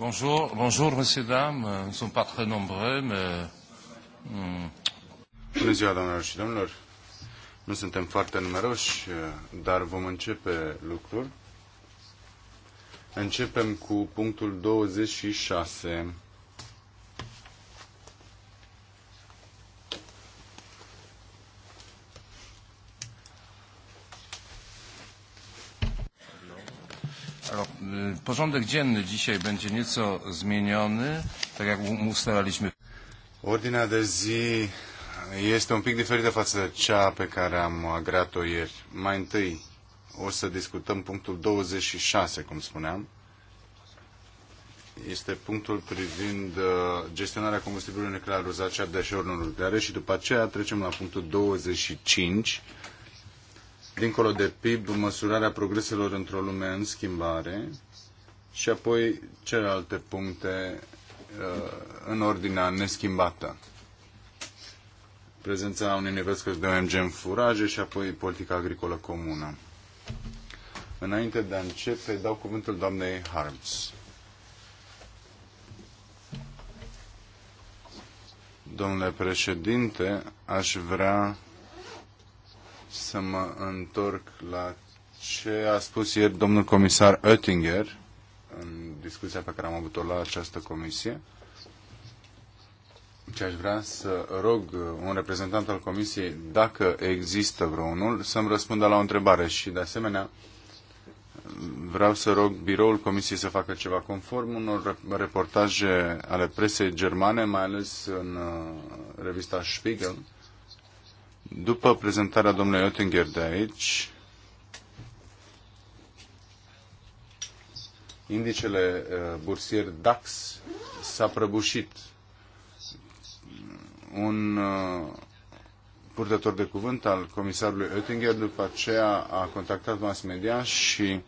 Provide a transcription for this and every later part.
Bonjour, bonjour, monsieur, dame. Nous ne sommes pas très nombreux, mais... Mm. Bună ziua, doamnelor și domnilor. Nu suntem foarte numeroși, dar vom începe lucrul. Începem cu punctul 26 Porządek dzienny dzisiaj będzie nieco zmieniony, tak jak ustalaliśmy. Ordinea de zi este un pic diferită față de cea pe care am agrat o ieri. Mai întâi o să discutăm punctul 26, cum spuneam. Este punctul privind uh, gestionarea combustibilului nuclear uzat și a deșeurilor nucleare și după aceea trecem la punctul 25, dincolo de PIB, măsurarea progreselor într-o lume în schimbare și apoi celelalte puncte uh, în ordinea neschimbată. Prezența nivel scăzut de OMG în furaje și apoi politica agricolă comună. Înainte de a începe, dau cuvântul doamnei Harms. Domnule președinte, aș vrea să mă întorc la ce a spus ieri domnul comisar Oettinger, în discuția pe care am avut-o la această comisie. Ce aș vrea să rog un reprezentant al comisiei, dacă există vreunul, să-mi răspundă la o întrebare și, de asemenea, vreau să rog biroul Comisiei să facă ceva conform unor reportaje ale presei germane, mai ales în uh, revista Spiegel. După prezentarea domnului Oettinger de aici, Indicele uh, bursier DAX s-a prăbușit. Un uh, purtător de cuvânt al comisarului Oettinger după aceea a contactat mass media și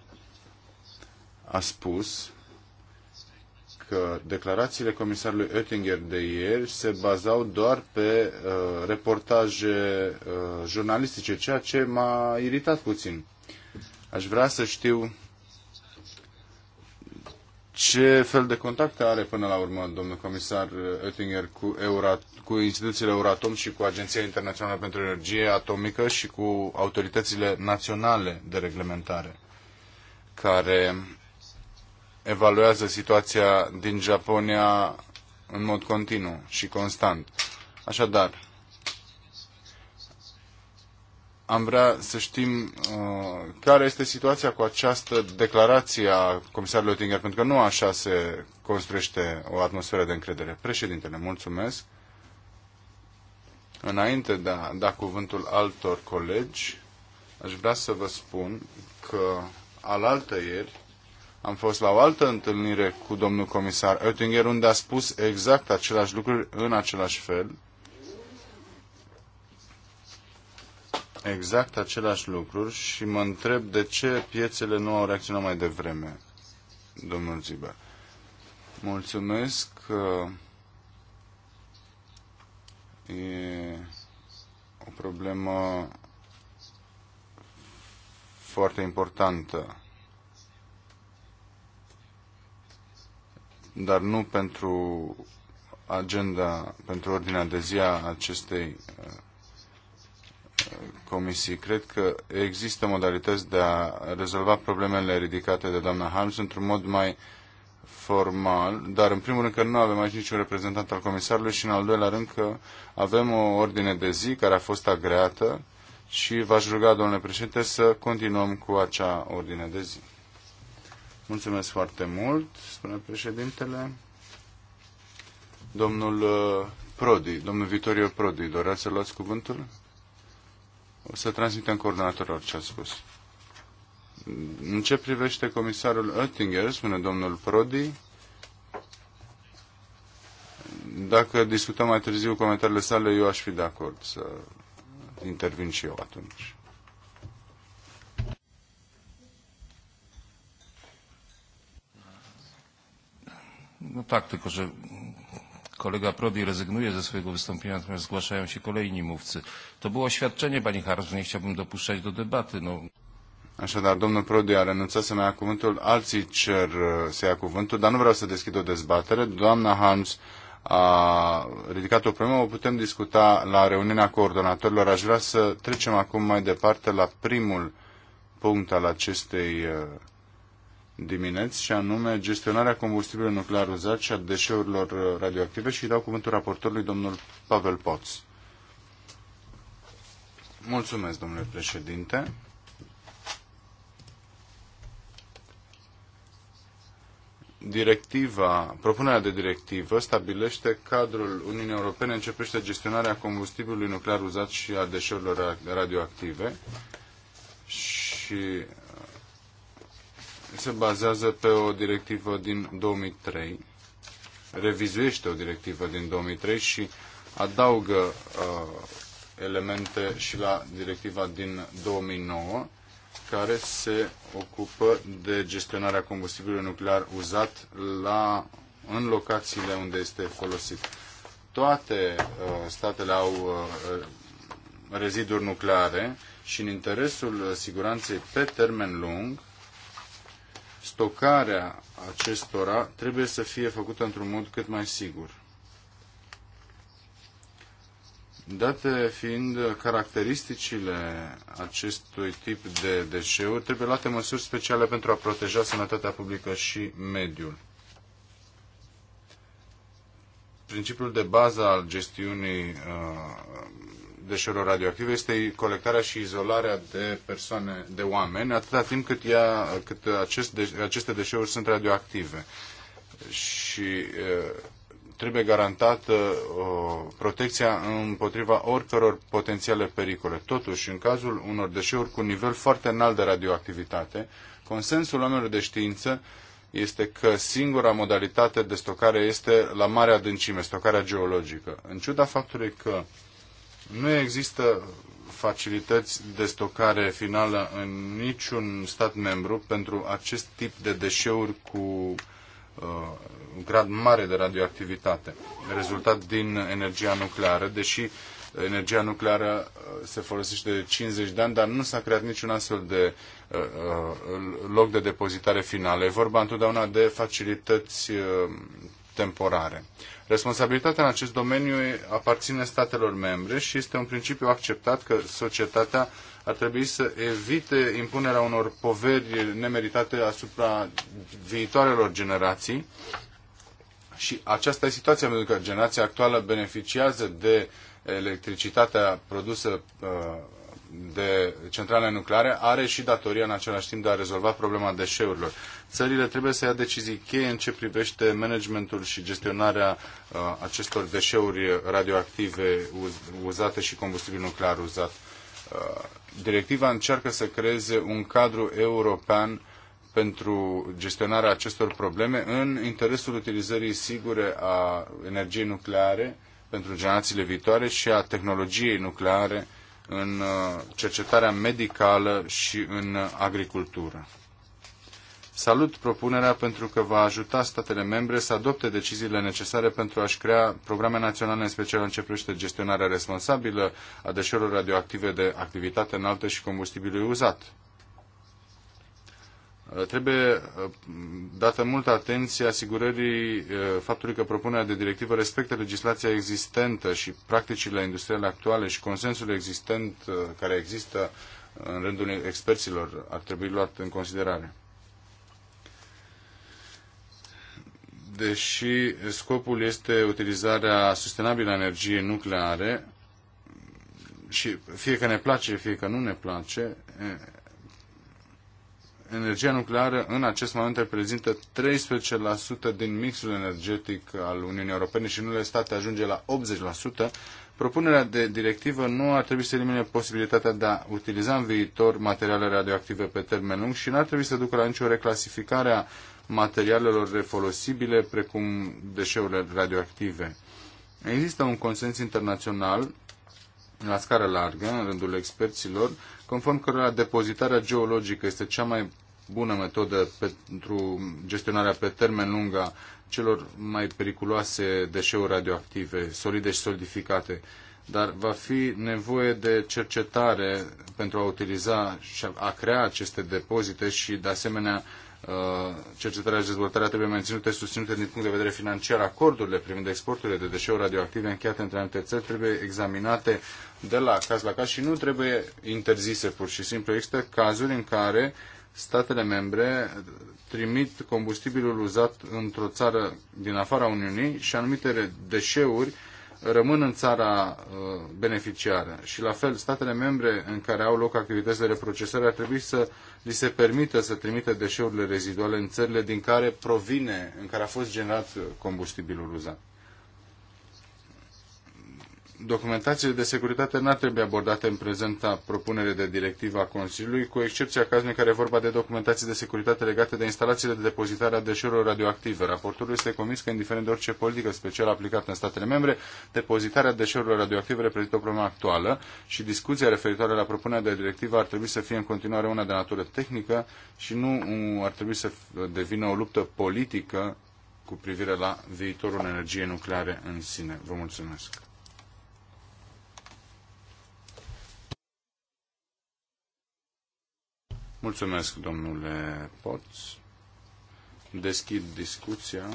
a spus că declarațiile comisarului Oettinger de ieri se bazau doar pe uh, reportaje uh, jurnalistice, ceea ce m-a iritat puțin. Aș vrea să știu ce fel de contacte are până la urmă domnul comisar Oettinger cu, Eurat, cu instituțiile Euratom și cu Agenția Internațională pentru Energie Atomică și cu autoritățile naționale de reglementare care evaluează situația din Japonia în mod continuu și constant. Așadar, am vrea să știm uh, care este situația cu această declarație a comisarului Oettinger, pentru că nu așa se construiește o atmosferă de încredere. Președintele, mulțumesc. Înainte de a da cuvântul altor colegi, aș vrea să vă spun că alaltă ieri am fost la o altă întâlnire cu domnul comisar Oettinger, unde a spus exact același lucruri în același fel, exact același lucruri și mă întreb de ce piețele nu au reacționat mai devreme, domnul Ziba. Mulțumesc. E o problemă foarte importantă. Dar nu pentru agenda, pentru ordinea de zi a acestei comisii. Cred că există modalități de a rezolva problemele ridicate de doamna Harms într-un mod mai formal, dar în primul rând că nu avem aici niciun reprezentant al comisarului și în al doilea rând că avem o ordine de zi care a fost agreată și v-aș ruga, domnule președinte, să continuăm cu acea ordine de zi. Mulțumesc foarte mult, spune președintele. Domnul uh, Prodi, domnul Vitorio Prodi, doreați să luați cuvântul? O să transmitem coordonatorilor ce a spus. În ce privește comisarul Oettinger, spune domnul Prodi, dacă discutăm mai târziu comentariile sale, eu aș fi de acord să intervin și eu atunci. No tak, tylko że kolega Prodi rezygnuje ze swojego wystąpienia, natomiast zgłaszają się kolejni mówcy. To było oświadczenie pani Harms, nie chciałbym dopuszczać do debaty. No. Așadar, domnul Prodi a renunțat să mai ia cuvântul, alții cer uh, să ia cuvântul, dar nu vreau să deschid o dezbatere. Doamna Hans a ridicat o problemă, o putem discuta la reuniunea coordonatorilor. Aș vrea să trecem acum mai departe la primul punct al acestei uh, dimineți, și anume gestionarea combustibilului nuclear uzat și a deșeurilor radioactive și dau cuvântul raportorului domnul Pavel Poț. Mulțumesc, domnule președinte. directiva, propunerea de directivă stabilește cadrul Uniunii Europene în ce privește gestionarea combustibilului nuclear uzat și a deșeurilor radioactive și se bazează pe o directivă din 2003, revizuiește o directivă din 2003 și adaugă uh, elemente și la directiva din 2009, care se ocupă de gestionarea combustibilului nuclear uzat la, în locațiile unde este folosit. Toate uh, statele au uh, reziduri nucleare și în interesul uh, siguranței pe termen lung, stocarea acestora trebuie să fie făcută într-un mod cât mai sigur. Date fiind caracteristicile acestui tip de deșeuri, trebuie luate măsuri speciale pentru a proteja sănătatea publică și mediul. Principiul de bază al gestiunii uh, deșeurilor radioactive este colectarea și izolarea de persoane, de oameni, atâta timp cât, ea, cât acest de, aceste deșeuri sunt radioactive. Și trebuie garantată o, protecția împotriva oricăror potențiale pericole. Totuși, în cazul unor deșeuri cu nivel foarte înalt de radioactivitate, consensul oamenilor de știință este că singura modalitate de stocare este la mare adâncime, stocarea geologică. În ciuda faptului că nu există facilități de stocare finală în niciun stat membru pentru acest tip de deșeuri cu uh, un grad mare de radioactivitate, rezultat din energia nucleară, deși energia nucleară uh, se folosește de 50 de ani, dar nu s-a creat niciun astfel de uh, uh, loc de depozitare finală. E vorba întotdeauna de facilități uh, temporare. Responsabilitatea în acest domeniu aparține statelor membre și este un principiu acceptat că societatea ar trebui să evite impunerea unor poveri nemeritate asupra viitoarelor generații. Și aceasta e situația, pentru că generația actuală beneficiază de electricitatea produsă uh, de centrale nucleare are și datoria în același timp de a rezolva problema deșeurilor. Țările trebuie să ia decizii cheie în ce privește managementul și gestionarea uh, acestor deșeuri radioactive uz, uzate și combustibil nuclear uzat. Uh, directiva încearcă să creeze un cadru european pentru gestionarea acestor probleme în interesul utilizării sigure a energiei nucleare pentru generațiile viitoare și a tehnologiei nucleare în uh, cercetarea medicală și în agricultură. Salut propunerea pentru că va ajuta statele membre să adopte deciziile necesare pentru a-și crea programe naționale, în special în ce privește gestionarea responsabilă a deșeurilor radioactive de activitate înaltă și combustibilului uzat. Uh, trebuie uh, dată multă atenție asigurării uh, faptului că propunerea de directivă respectă legislația existentă și practicile industriale actuale și consensul existent care există în rândul experților ar trebui luat în considerare. Deși scopul este utilizarea sustenabilă a energiei nucleare, și fie că ne place, fie că nu ne place, energia nucleară în acest moment reprezintă 13% din mixul energetic al Uniunii Europene și în unele state ajunge la 80%. Propunerea de directivă nu ar trebui să elimine posibilitatea de a utiliza în viitor materiale radioactive pe termen lung și nu ar trebui să ducă la nicio reclasificare a materialelor refolosibile, precum deșeurile radioactive. Există un consens internațional la scară largă, în rândul experților, conform cărora depozitarea geologică este cea mai bună metodă pentru gestionarea pe termen lung a celor mai periculoase deșeuri radioactive, solide și solidificate. Dar va fi nevoie de cercetare pentru a utiliza și a crea aceste depozite și, de asemenea, uh, cercetarea și dezvoltarea trebuie menținute, susținute din punct de vedere financiar. Acordurile privind exporturile de deșeuri radioactive încheiate între anumite țări trebuie examinate de la caz la caz și nu trebuie interzise pur și simplu. Există cazuri în care statele membre trimit combustibilul uzat într-o țară din afara Uniunii și anumite deșeuri rămân în țara uh, beneficiară. Și la fel, statele membre în care au loc activități de reprocesare ar trebui să li se permită să trimită deșeurile reziduale în țările din care provine, în care a fost generat uh, combustibilul uzat documentațiile de securitate n-ar trebui abordate în prezenta propunere de directivă a Consiliului, cu excepția cazului în care e vorba de documentații de securitate legate de instalațiile de depozitare a deșeurilor radioactive. Raportorul este convins că, indiferent de orice politică specială aplicată în statele membre, depozitarea deșeurilor radioactive reprezintă o problemă actuală și discuția referitoare la propunerea de directivă ar trebui să fie în continuare una de natură tehnică și nu ar trebui să devină o luptă politică cu privire la viitorul energiei nucleare în sine. Vă mulțumesc! Mulțumesc, domnule Poț. Deschid discuția.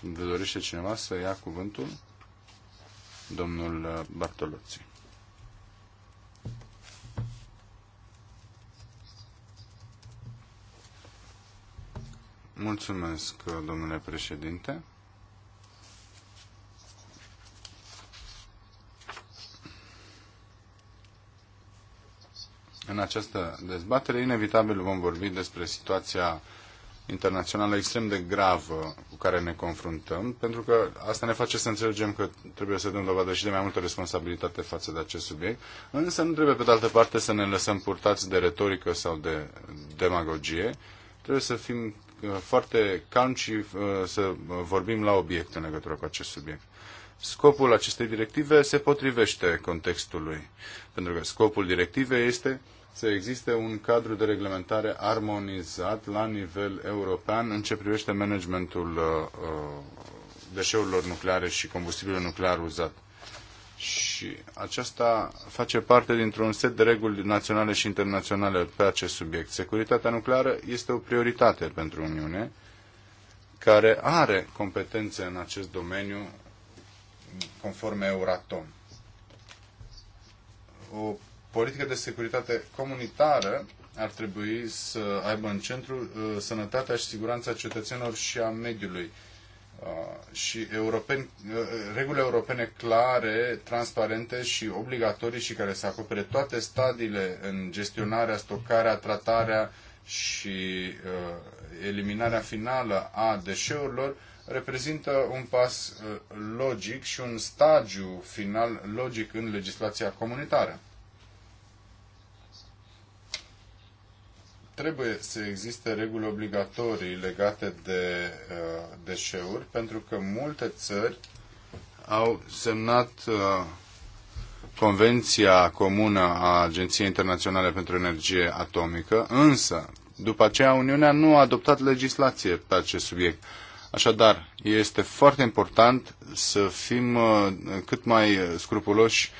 Vă dorește cineva să ia cuvântul? Domnul uh, Bartolucci. Mulțumesc, uh, domnule președinte. în această dezbatere, inevitabil vom vorbi despre situația internațională extrem de gravă cu care ne confruntăm, pentru că asta ne face să înțelegem că trebuie să dăm dovadă și de mai multă responsabilitate față de acest subiect, însă nu trebuie pe de altă parte să ne lăsăm purtați de retorică sau de demagogie, trebuie să fim uh, foarte calmi și uh, să uh, vorbim la obiect în legătură cu acest subiect. Scopul acestei directive se potrivește contextului, pentru că scopul directivei este să existe un cadru de reglementare armonizat la nivel european în ce privește managementul uh, uh, deșeurilor nucleare și combustibilul nuclear uzat. Și aceasta face parte dintr-un set de reguli naționale și internaționale pe acest subiect. Securitatea nucleară este o prioritate pentru Uniune, care are competențe în acest domeniu conform Euratom. O Politica de securitate comunitară ar trebui să aibă în centru uh, sănătatea și siguranța cetățenilor și a mediului. Uh, și europeni, uh, reguli europene clare, transparente și obligatorii și care să acopere toate stadiile în gestionarea, stocarea, tratarea și eliminarea finală a deșeurilor reprezintă un pas logic și un stagiu final logic în legislația comunitară. trebuie să existe reguli obligatorii legate de uh, deșeuri, pentru că multe țări au semnat uh, Convenția Comună a Agenției Internaționale pentru Energie Atomică, însă după aceea Uniunea nu a adoptat legislație pe acest subiect. Așadar, este foarte important să fim uh, cât mai scrupuloși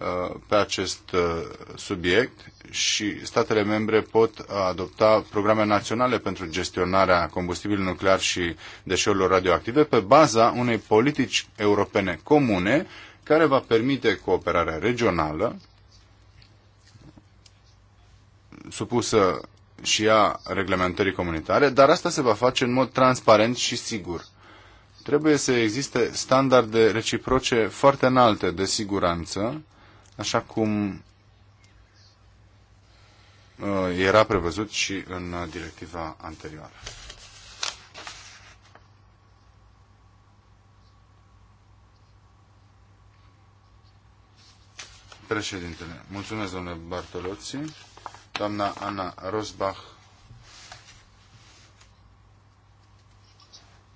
Uh, pe acest uh, subiect și statele membre pot adopta programe naționale pentru gestionarea combustibilului nuclear și deșeurilor radioactive pe baza unei politici europene comune care va permite cooperarea regională supusă și a reglementării comunitare, dar asta se va face în mod transparent și sigur trebuie să existe standarde reciproce foarte înalte de siguranță așa cum uh, era prevăzut și în directiva anterioară. Președintele, mulțumesc domnule Bartoloții, Doamna Ana Rosbach.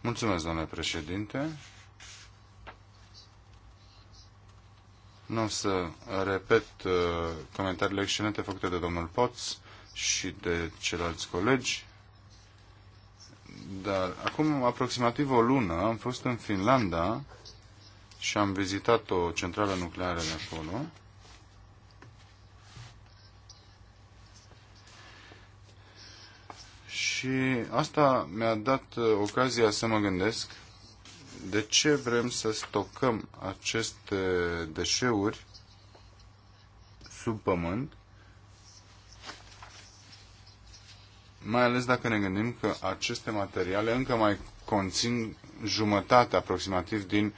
Mulțumesc, domnule președinte. Nu o să repet uh, comentariile excelente făcute de domnul Poț și de ceilalți colegi, dar acum aproximativ o lună am fost în Finlanda și am vizitat o centrală nucleară de acolo. Și asta mi-a dat uh, ocazia să mă gândesc de ce vrem să stocăm aceste deșeuri sub pământ, mai ales dacă ne gândim că aceste materiale încă mai conțin jumătate aproximativ din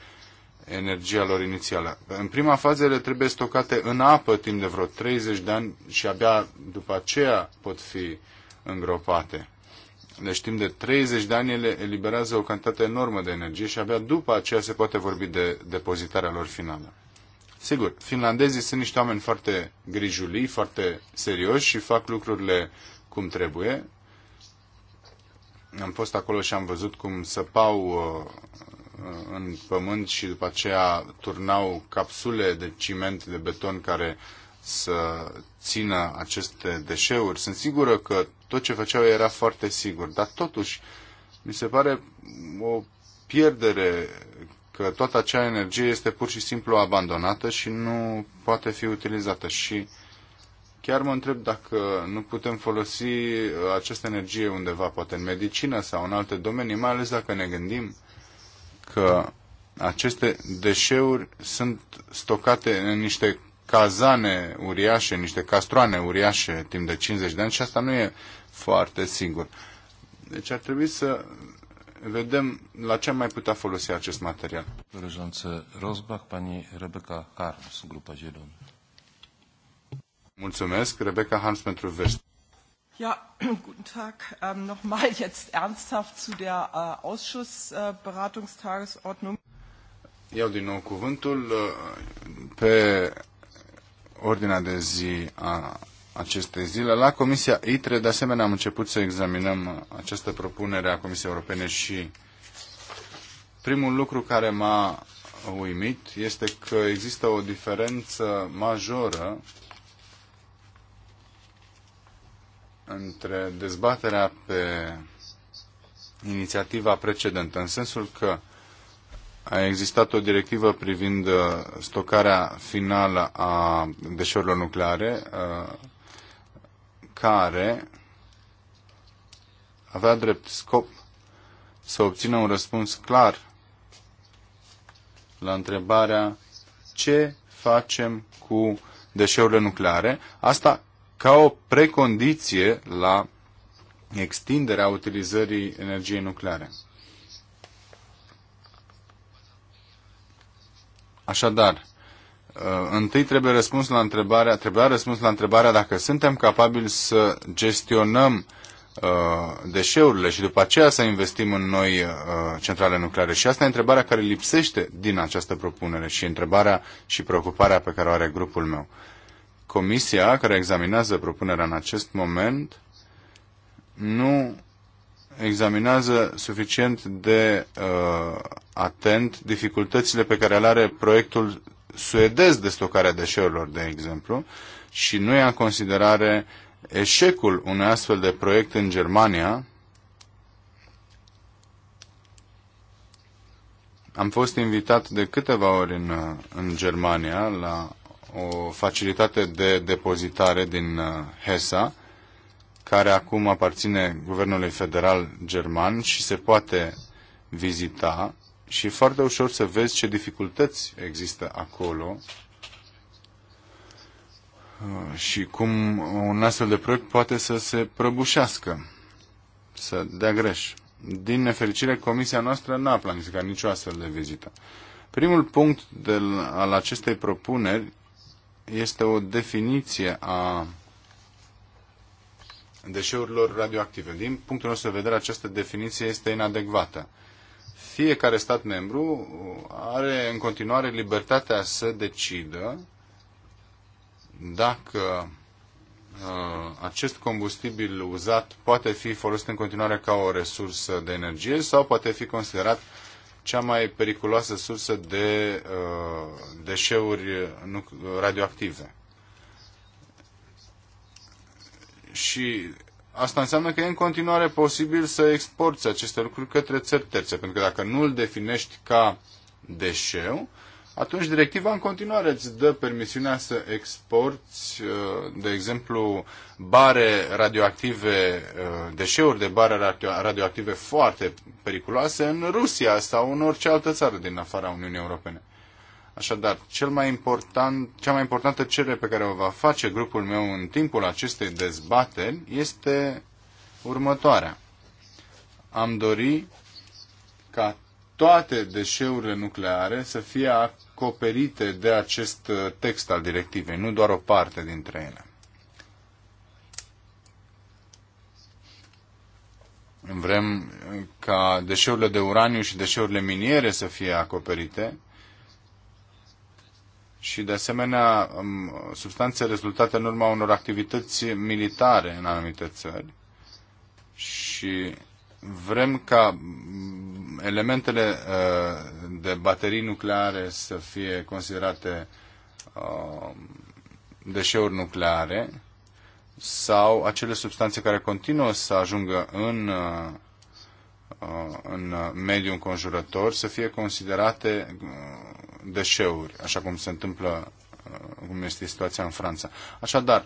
energia lor inițială. În prima fază ele trebuie stocate în apă timp de vreo 30 de ani și abia după aceea pot fi îngropate. Deci timp de 30 de ani ele eliberează o cantitate enormă de energie și abia după aceea se poate vorbi de depozitarea lor finală. Sigur, finlandezii sunt niște oameni foarte grijulii, foarte serioși și fac lucrurile cum trebuie. Am fost acolo și am văzut cum săpau uh, uh, în pământ și după aceea turnau capsule de ciment, de beton care să țină aceste deșeuri. Sunt sigură că tot ce făceau era foarte sigur. Dar totuși, mi se pare o pierdere că toată acea energie este pur și simplu abandonată și nu poate fi utilizată. Și chiar mă întreb dacă nu putem folosi uh, această energie undeva, poate în medicină sau în alte domenii, mai ales dacă ne gândim că aceste deșeuri sunt stocate în niște cazane uriașe, niște castroane uriașe timp de 50 de ani și asta nu e foarte singur. Deci ar trebui să vedem la ce am mai putea folosi acest material. Dorejanță Rosbach, pani Rebecca Harms, grupa Gelon. Mulțumesc, Rebecca Harms, pentru vest. Ja, guten Tag. Ähm, Nochmal jetzt ernsthaft zu der äh, Ausschussberatungstagesordnung. Äh, Iau din nou cuvântul äh, pe ordinea de zi a aceste zile. La Comisia ITRE, de asemenea, am început să examinăm această propunere a Comisiei Europene și primul lucru care m-a uimit este că există o diferență majoră între dezbaterea pe inițiativa precedentă, în sensul că a existat o directivă privind stocarea finală a deșeurilor nucleare care avea drept scop să obțină un răspuns clar la întrebarea ce facem cu deșeurile nucleare, asta ca o precondiție la extinderea utilizării energiei nucleare. Așadar, Uh, întâi trebuie răspuns la întrebarea, trebuia răspuns la întrebarea dacă suntem capabili să gestionăm uh, deșeurile și după aceea să investim în noi uh, centrale nucleare. Și asta e întrebarea care lipsește din această propunere și întrebarea și preocuparea pe care o are grupul meu. Comisia care examinează propunerea în acest moment nu examinează suficient de uh, atent dificultățile pe care le are proiectul suedez de stocare a deșeurilor, de exemplu, și nu ia în considerare eșecul unui astfel de proiect în Germania, am fost invitat de câteva ori în, în Germania la o facilitate de depozitare din uh, HESA, care acum aparține Guvernului Federal German și se poate vizita și e foarte ușor să vezi ce dificultăți există acolo uh, și cum un astfel de proiect poate să se prăbușească, să dea greș. Din nefericire, comisia noastră n-a planificat nicio astfel de vizită. Primul punct de, al acestei propuneri este o definiție a deșeurilor radioactive. Din punctul nostru de vedere, această definiție este inadecvată fiecare stat membru are în continuare libertatea să decidă dacă uh, acest combustibil uzat poate fi folosit în continuare ca o resursă de energie sau poate fi considerat cea mai periculoasă sursă de uh, deșeuri radioactive. Și asta înseamnă că e în continuare posibil să exporți aceste lucruri către țări terțe, pentru că dacă nu îl definești ca deșeu, atunci directiva în continuare îți dă permisiunea să exporți, uh, de exemplu, bare radioactive, uh, deșeuri de bare radioactive foarte periculoase în Rusia sau în orice altă țară din afara Uniunii Europene. Așadar, cel mai important, cea mai importantă cerere pe care o va face grupul meu în timpul acestei dezbateri este următoarea. Am dori ca toate deșeurile nucleare să fie acoperite de acest text al directivei, nu doar o parte dintre ele. Vrem ca deșeurile de uraniu și deșeurile miniere să fie acoperite, și, de asemenea, um, substanțe rezultate în urma unor activități militare în anumite țări. Și vrem ca mm, elementele uh, de baterii nucleare să fie considerate um, deșeuri nucleare sau acele substanțe care continuă să ajungă în, uh, uh, în mediul înconjurător să fie considerate deșeuri, așa cum se întâmplă, uh, cum este situația în Franța. Așadar,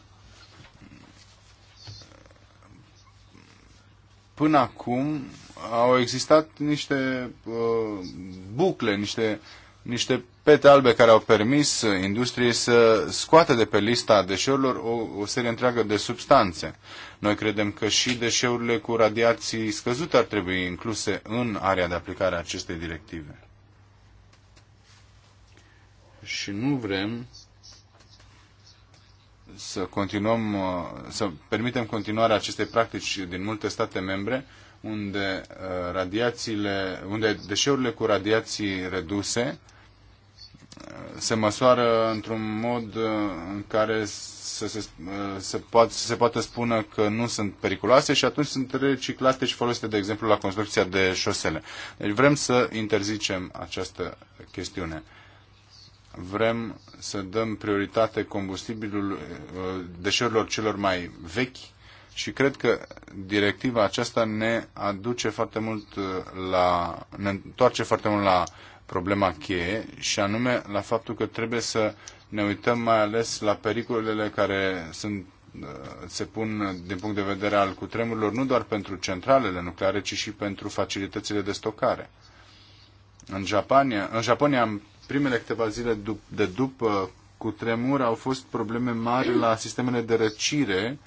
până acum au existat niște uh, bucle, niște, niște pete albe care au permis industriei să scoată de pe lista deșeurilor o, o serie întreagă de substanțe. Noi credem că și deșeurile cu radiații scăzute ar trebui incluse în area de aplicare a acestei directive și nu vrem să continuăm, uh, să permitem continuarea acestei practici din multe state membre, unde uh, radiațiile, unde deșeurile cu radiații reduse uh, se măsoară într-un mod în care să se, se, poate, să se poată spune că nu sunt periculoase și atunci sunt reciclate și folosite, de exemplu, la construcția de șosele. Deci vrem să interzicem această chestiune vrem să dăm prioritate combustibilul eh, deșeurilor celor mai vechi și cred că directiva aceasta ne aduce foarte mult eh, la, ne întoarce foarte mult la problema cheie și anume la faptul că trebuie să ne uităm mai ales la pericolele care sunt, eh, se pun din punct de vedere al cutremurilor nu doar pentru centralele nucleare, ci și pentru facilitățile de stocare. În Japonia, în Japonia am primele câteva zile de după cu tremur au fost probleme mari la sistemele de răcire.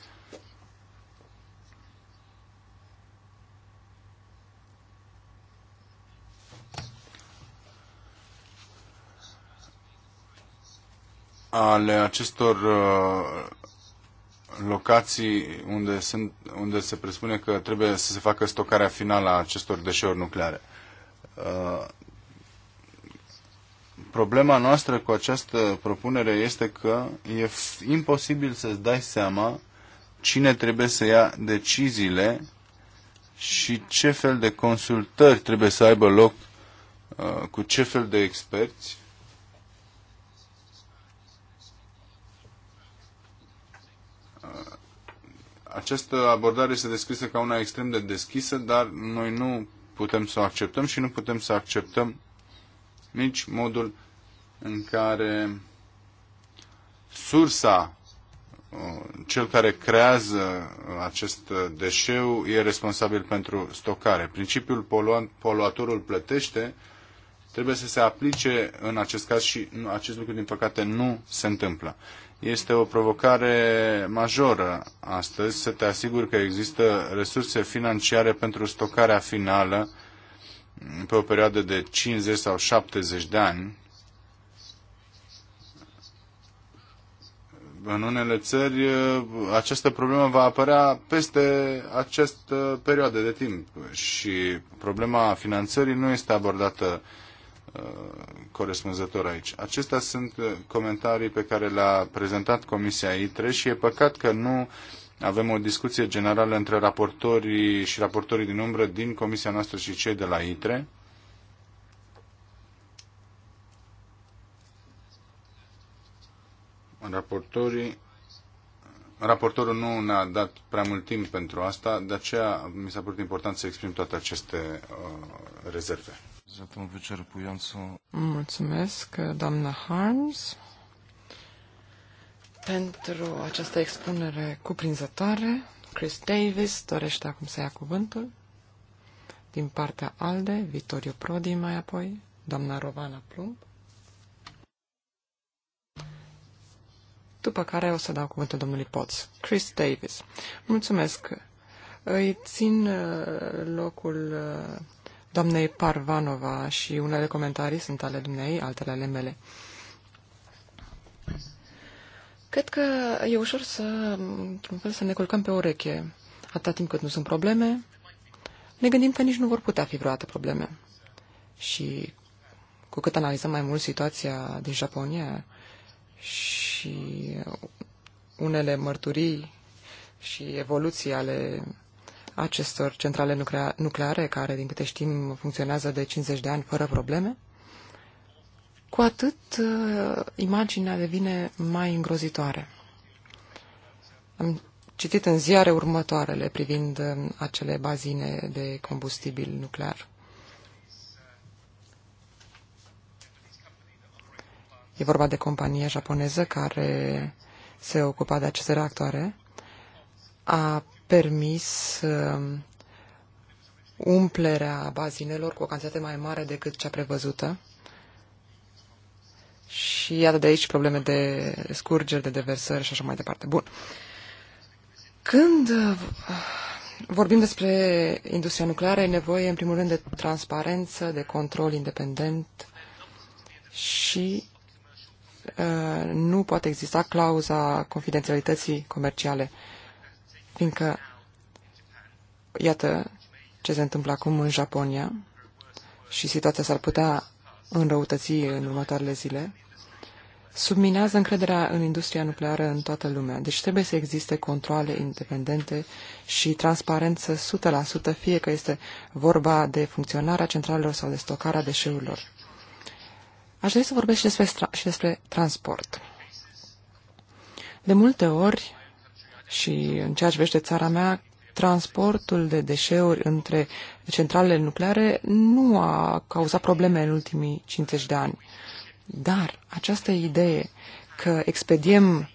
ale acestor uh, locații unde, sunt, unde se presupune că trebuie să se facă stocarea finală a acestor deșeuri nucleare. Uh, Problema noastră cu această propunere este că e imposibil să-ți dai seama cine trebuie să ia deciziile și ce fel de consultări trebuie să aibă loc uh, cu ce fel de experți uh, această abordare este descrisă ca una extrem de deschisă, dar noi nu putem să o acceptăm și nu putem să acceptăm nici modul în care sursa, uh, cel care creează uh, acest uh, deșeu, e responsabil pentru stocare. Principiul poluatorul plătește trebuie să se aplice în acest caz și acest lucru, din păcate, nu se întâmplă. Este o provocare majoră astăzi să te asiguri că există resurse financiare pentru stocarea finală pe o perioadă de 50 sau 70 de ani. În unele țări această problemă va apărea peste această perioadă de timp și problema finanțării nu este abordată uh, corespunzător aici. Acestea sunt uh, comentarii pe care le-a prezentat Comisia ITRE și e păcat că nu avem o discuție generală între raportorii și raportorii din umbră din comisia noastră și cei de la ITRE. Raportorii raportorul nu ne-a dat prea mult timp pentru asta, de aceea mi s-a părut important să exprim toate aceste uh, rezerve. Mulțumesc, doamna Harms pentru această expunere cuprinzătoare. Chris Davis dorește acum să ia cuvântul. Din partea ALDE, Vittorio Prodi mai apoi, doamna Rovana Plumb. După care o să dau cuvântul domnului Potts. Chris Davis. Mulțumesc. Îi țin uh, locul uh, doamnei Parvanova și unele comentarii sunt ale dumnei, altele ale mele. Cred că e ușor să, fel, să ne culcăm pe oreche Atâta timp cât nu sunt probleme, ne gândim că nici nu vor putea fi vreodată probleme. Și cu cât analizăm mai mult situația din Japonia și unele mărturii și evoluții ale acestor centrale nucleare, care, din câte știm, funcționează de 50 de ani fără probleme, cu atât uh, imaginea devine mai îngrozitoare. Am citit în ziare următoarele privind um, acele bazine de combustibil nuclear. E vorba de companie japoneză care se ocupa de aceste reactoare. A permis um, umplerea bazinelor cu o cantitate mai mare decât cea prevăzută și iată de aici probleme de scurgeri, de deversări și așa mai departe. Bun. Când uh, vorbim despre industria nucleară, e nevoie, în primul rând, de transparență, de control independent și uh, nu poate exista clauza confidențialității comerciale, fiindcă, iată ce se întâmplă acum în Japonia și situația s-ar putea înrăutăți în următoarele zile, subminează încrederea în industria nucleară în toată lumea. Deci trebuie să existe controle independente și transparență 100%, fie că este vorba de funcționarea centralelor sau de stocarea deșeurilor. Aș dori să vorbesc și despre, și despre transport. De multe ori, și în ceea ce vește țara mea, transportul de deșeuri între centralele nucleare nu a cauzat probleme în ultimii 50 de ani. Dar această idee că expediem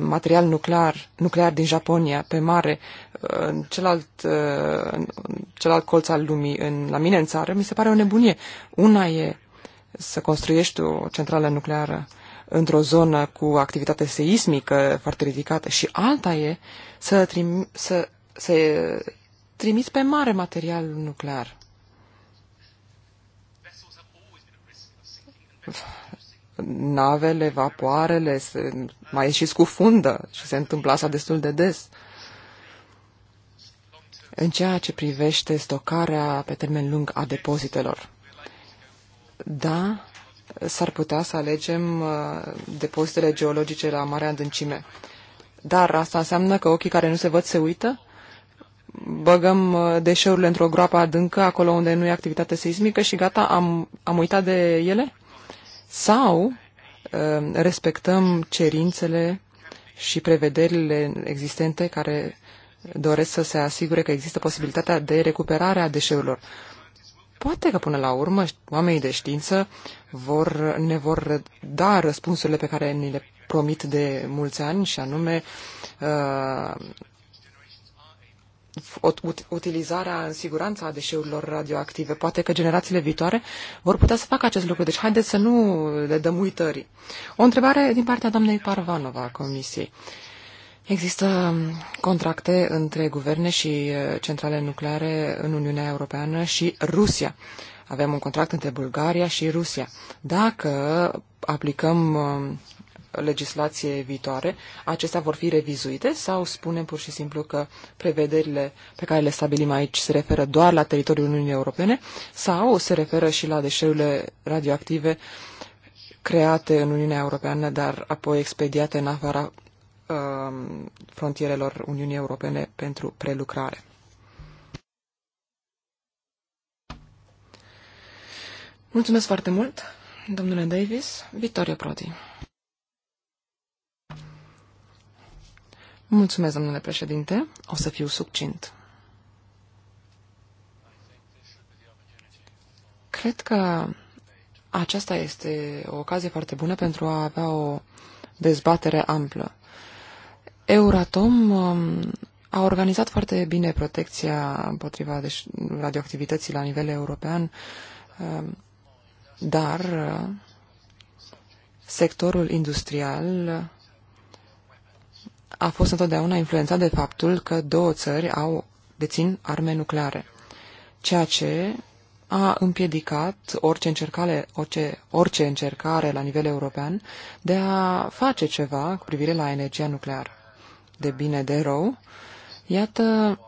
material nuclear, nuclear din Japonia pe mare uh, în celălalt, uh, în celălalt colț al lumii, în, la mine în țară, mi se pare o nebunie. Una e să construiești o centrală nucleară într-o zonă cu activitate seismică foarte ridicată și alta e să, trim, să, să trimis pe mare material nuclear. Navele, vapoarele, se, mai și scufundă și se întâmplă asta destul de des. În ceea ce privește stocarea pe termen lung a depozitelor, da, s-ar putea să alegem uh, depozitele geologice la mare adâncime. Dar asta înseamnă că ochii care nu se văd se uită? băgăm uh, deșeurile într-o groapă adâncă, acolo unde nu e activitate seismică și gata, am, am uitat de ele? Sau uh, respectăm cerințele și prevederile existente care doresc să se asigure că există posibilitatea de recuperare a deșeurilor. Poate că până la urmă oamenii de știință vor, ne vor da răspunsurile pe care ni le promit de mulți ani și anume uh, utilizarea în siguranță a deșeurilor radioactive. Poate că generațiile viitoare vor putea să facă acest lucru. Deci haideți să nu le dăm uitării. O întrebare din partea doamnei Parvanova a Comisiei. Există um, contracte între guverne și uh, centrale nucleare în Uniunea Europeană și Rusia. Avem un contract între Bulgaria și Rusia. Dacă aplicăm um, legislație viitoare, acestea vor fi revizuite sau spunem pur și simplu că prevederile pe care le stabilim aici se referă doar la teritoriul Uniunii Europene sau se referă și la deșeurile radioactive create în Uniunea Europeană, dar apoi expediate în afara uh, frontierelor Uniunii Europene pentru prelucrare. Mulțumesc foarte mult, domnule Davis. Victoria Prodi. Mulțumesc, domnule președinte. O să fiu succint. Cred că aceasta este o ocazie foarte bună pentru a avea o dezbatere amplă. Euratom um, a organizat foarte bine protecția împotriva radioactivității la nivel european, um, dar uh, sectorul industrial a fost întotdeauna influențat de faptul că două țări au dețin arme nucleare, ceea ce a împiedicat orice încercare, orice, orice încercare la nivel european de a face ceva cu privire la energia nucleară. De bine, de rău, iată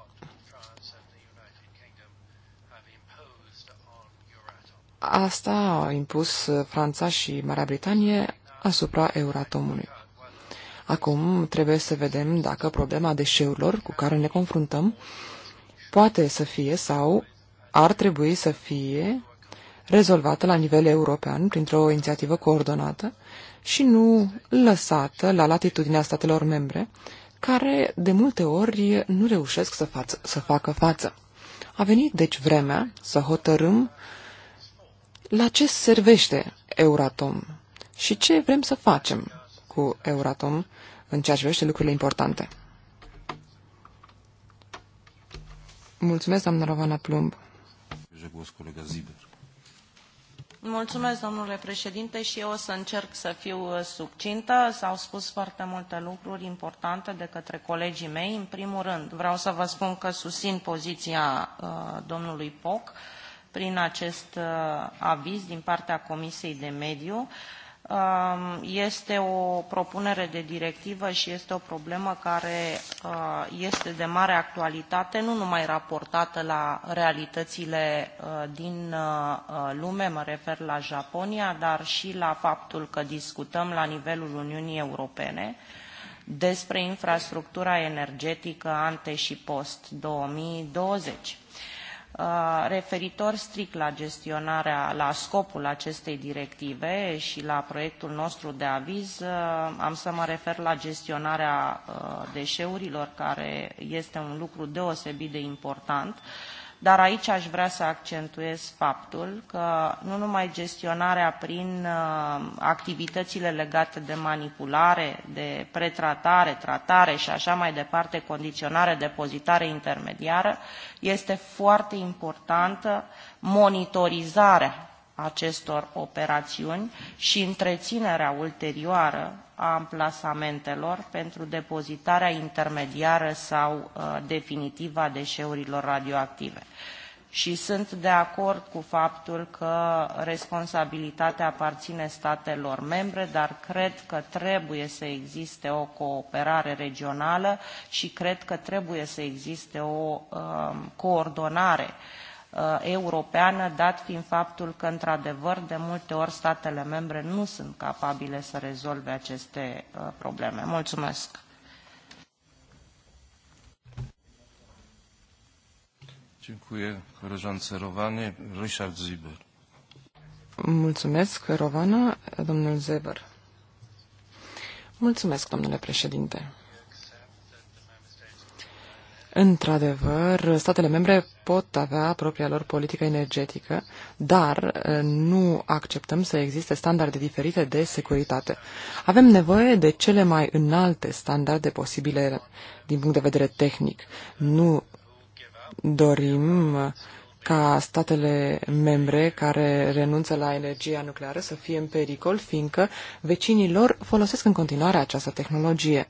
Asta a impus Franța și Marea Britanie asupra Euratomului. Acum trebuie să vedem dacă problema deșeurilor cu care ne confruntăm poate să fie sau ar trebui să fie rezolvată la nivel european printr-o inițiativă coordonată și nu lăsată la latitudinea statelor membre, care de multe ori nu reușesc să, față, să facă față. A venit deci vremea să hotărâm la ce servește Euratom și ce vrem să facem cu Euratom în ceea ce privește lucrurile importante. Mulțumesc, doamna Rovana Plumb. Mulțumesc, domnule președinte, și eu o să încerc să fiu uh, succintă. S-au spus foarte multe lucruri importante de către colegii mei. În primul rând, vreau să vă spun că susțin poziția uh, domnului Poc prin acest uh, aviz din partea Comisiei de Mediu. Uh, Um, este o propunere de directivă și este o problemă care uh, este de mare actualitate, nu numai raportată la realitățile uh, din uh, lume, mă refer la Japonia, dar și la faptul că discutăm la nivelul Uniunii Europene despre infrastructura energetică ante și post 2020 Uh, referitor strict la gestionarea, la scopul acestei directive și la proiectul nostru de aviz, uh, am să mă refer la gestionarea uh, deșeurilor, care este un lucru deosebit de important dar aici aș vrea să accentuez faptul că nu numai gestionarea prin uh, activitățile legate de manipulare, de pretratare, tratare și așa mai departe, condiționare, depozitare intermediară, este foarte importantă monitorizarea acestor operațiuni și întreținerea ulterioară a amplasamentelor pentru depozitarea intermediară sau uh, definitivă a deșeurilor radioactive. Și sunt de acord cu faptul că responsabilitatea aparține statelor membre, dar cred că trebuie să existe o cooperare regională și cred că trebuie să existe o uh, coordonare uh, Uh, europeană, dat fiind faptul că, într-adevăr, de multe ori statele membre nu sunt capabile să rezolve aceste uh, probleme. Mulțumesc! Dziękuję koleżance Rowanie. Ryszard Ziber. Mulțumesc, Rovana, domnul Zeber. Mulțumesc, domnule președinte. Într-adevăr, statele membre pot avea propria lor politică energetică, dar eh, nu acceptăm să existe standarde diferite de securitate. Avem nevoie de cele mai înalte standarde posibile din punct de vedere tehnic. Nu dorim ca statele membre care renunță la energia nucleară să fie în pericol, fiindcă vecinii lor folosesc în continuare această tehnologie.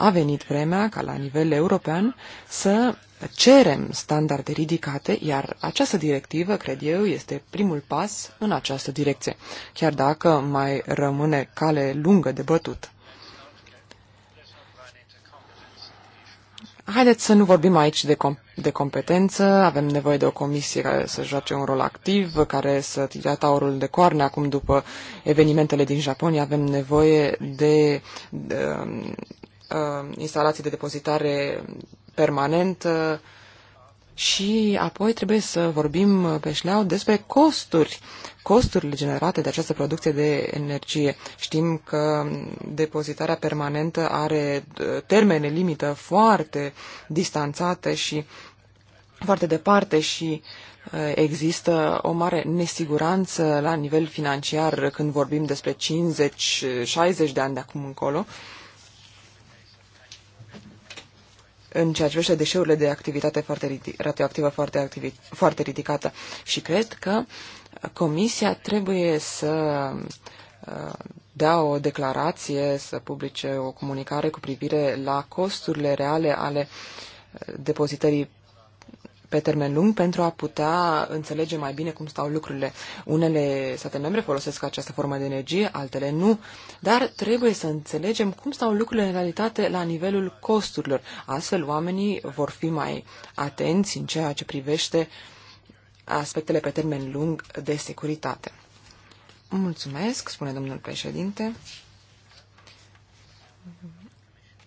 A venit vremea ca la nivel european să cerem standarde ridicate, iar această directivă, cred eu, este primul pas în această direcție, chiar dacă mai rămâne cale lungă de bătut. Haideți să nu vorbim aici de, com- de competență, avem nevoie de o comisie care să joace un rol activ, care să ia taurul de coarne acum după evenimentele din Japonia, avem nevoie de, de Uh, instalații de depozitare permanent și apoi trebuie să vorbim uh, pe șleau despre costuri, costurile generate de această producție de energie. Știm că depozitarea permanentă are uh, termene limită foarte distanțate și foarte departe și există o mare nesiguranță la nivel financiar când vorbim despre 50-60 de ani de acum încolo. Uh, în ceea ce privește deșeurile de activitate foarte radioactivă foarte, activi, foarte ridicată. Și cred că Comisia trebuie să uh, dea o declarație, să publice o comunicare cu privire la costurile reale ale uh, depozitării pe termen lung pentru a putea înțelege mai bine cum stau lucrurile. Unele state membre folosesc această formă de energie, altele nu, dar trebuie să înțelegem cum stau lucrurile în realitate la nivelul costurilor. Astfel, oamenii vor fi mai atenți în ceea ce privește aspectele pe termen lung de securitate. Mulțumesc, spune domnul președinte.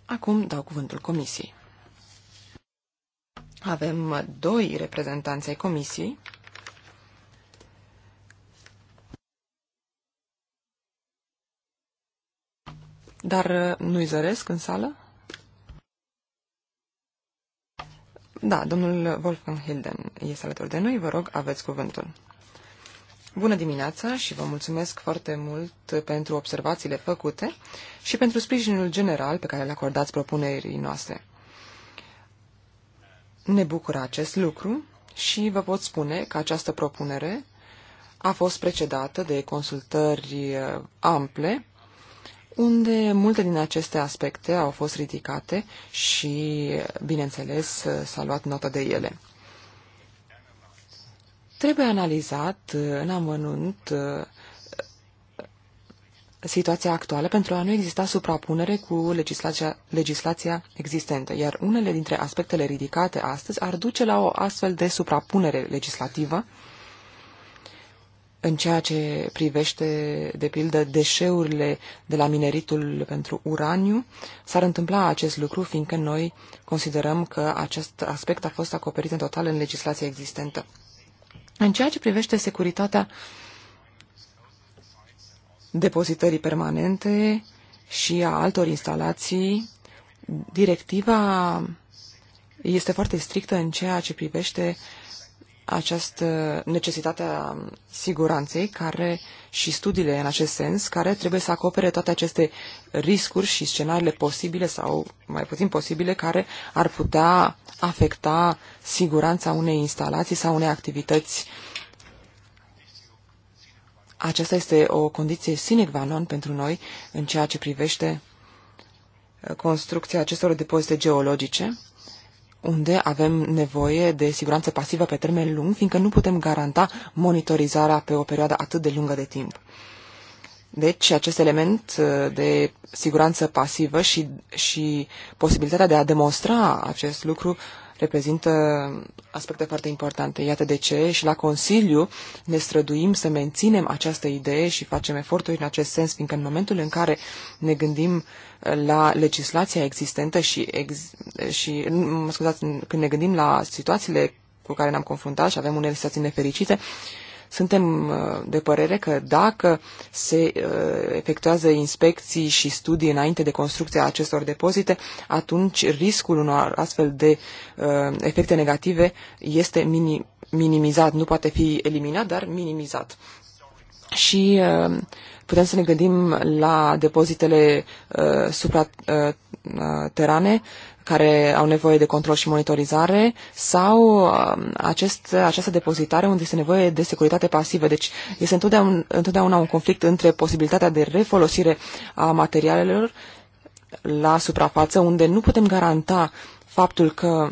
Acum dau cuvântul comisiei. Avem doi reprezentanți ai comisiei. Dar uh, nu-i zăresc în sală? Da, domnul Wolfgang Hilden este alături de noi. Vă rog, aveți cuvântul. Bună dimineața și vă mulțumesc foarte mult pentru observațiile făcute și pentru sprijinul general pe care le acordați propunerii noastre. Ne bucură acest lucru și vă pot spune că această propunere a fost precedată de consultări uh, ample, unde multe din aceste aspecte au fost ridicate și, bineînțeles, uh, s-a luat notă de ele. Trebuie analizat uh, în amănunt situația actuală pentru a nu exista suprapunere cu legislația, legislația existentă, iar unele dintre aspectele ridicate astăzi ar duce la o astfel de suprapunere legislativă în ceea ce privește, de pildă, deșeurile de la mineritul pentru uraniu, s-ar întâmpla acest lucru, fiindcă noi considerăm că acest aspect a fost acoperit în total în legislația existentă. În ceea ce privește securitatea uh, depozitării permanente și a altor instalații, directiva este foarte strictă în ceea ce privește această necesitate a siguranței care și studiile în acest sens, care trebuie să acopere toate aceste riscuri și scenariile posibile sau mai puțin posibile care ar putea afecta siguranța unei instalații sau unei activități uh, aceasta este o condiție sine qua non pentru noi în ceea ce privește uh, construcția acestor depozite geologice, unde avem nevoie de siguranță pasivă pe termen lung, fiindcă nu putem garanta monitorizarea pe o perioadă atât de lungă de timp. Deci, acest element uh, de siguranță pasivă și, și posibilitatea de a demonstra acest lucru reprezintă aspecte foarte importante. Iată de ce și la Consiliu ne străduim să menținem această idee și facem eforturi în acest sens, fiindcă în momentul în care ne gândim uh, la legislația existentă și, ex, și mă scuzați, când ne gândim la situațiile cu care ne-am confruntat și avem unele situații nefericite, uh, suntem uh, de părere că dacă se uh, efectuează inspecții și studii înainte de construcția acestor depozite, atunci riscul unor astfel de uh, efecte negative este minimizat, nu poate fi eliminat, dar minimizat. Și putem să ne gândim la depozitele uh, supraterane uh, care au nevoie de control și monitorizare sau uh, acest, această depozitare unde este nevoie de securitate pasivă. Deci este întotdeauna, întotdeauna un conflict între posibilitatea de refolosire a materialelor la suprafață unde nu putem garanta faptul că uh,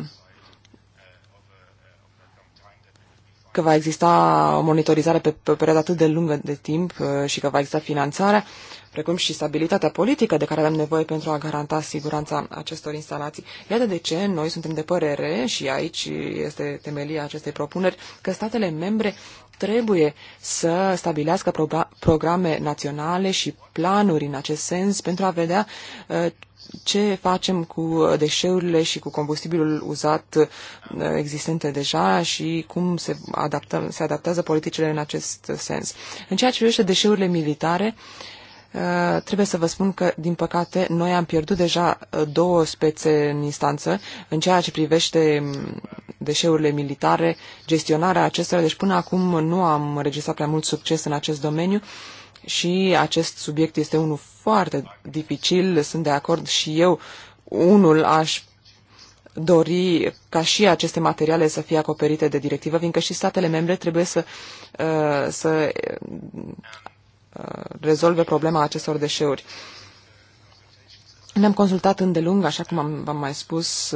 că va exista o monitorizare pe, pe perioadă atât de lungă de timp uh, și că va exista finanțarea, precum și stabilitatea politică de care avem nevoie pentru a garanta siguranța acestor instalații. Iată de ce noi suntem de părere, și aici este temelia acestei propuneri, că statele membre trebuie să stabilească programe naționale și planuri în acest sens pentru a vedea uh, ce facem cu deșeurile și cu combustibilul uzat uh, existente deja și cum se, adaptăm, se adaptează politicile în acest sens. În ceea ce privește deșeurile militare, uh, trebuie să vă spun că, din păcate, noi am pierdut deja uh, două spețe în instanță în ceea ce privește mm, deșeurile militare, gestionarea acestora, deci până acum nu am registrat prea mult succes în acest domeniu și acest subiect este unul foarte dificil, sunt de acord și eu. Unul aș dori ca și aceste materiale să fie acoperite de directivă, fiindcă și statele membre trebuie să, uh, să uh, uh, rezolve problema acestor deșeuri. Ne-am consultat îndelung, așa cum v-am mai spus,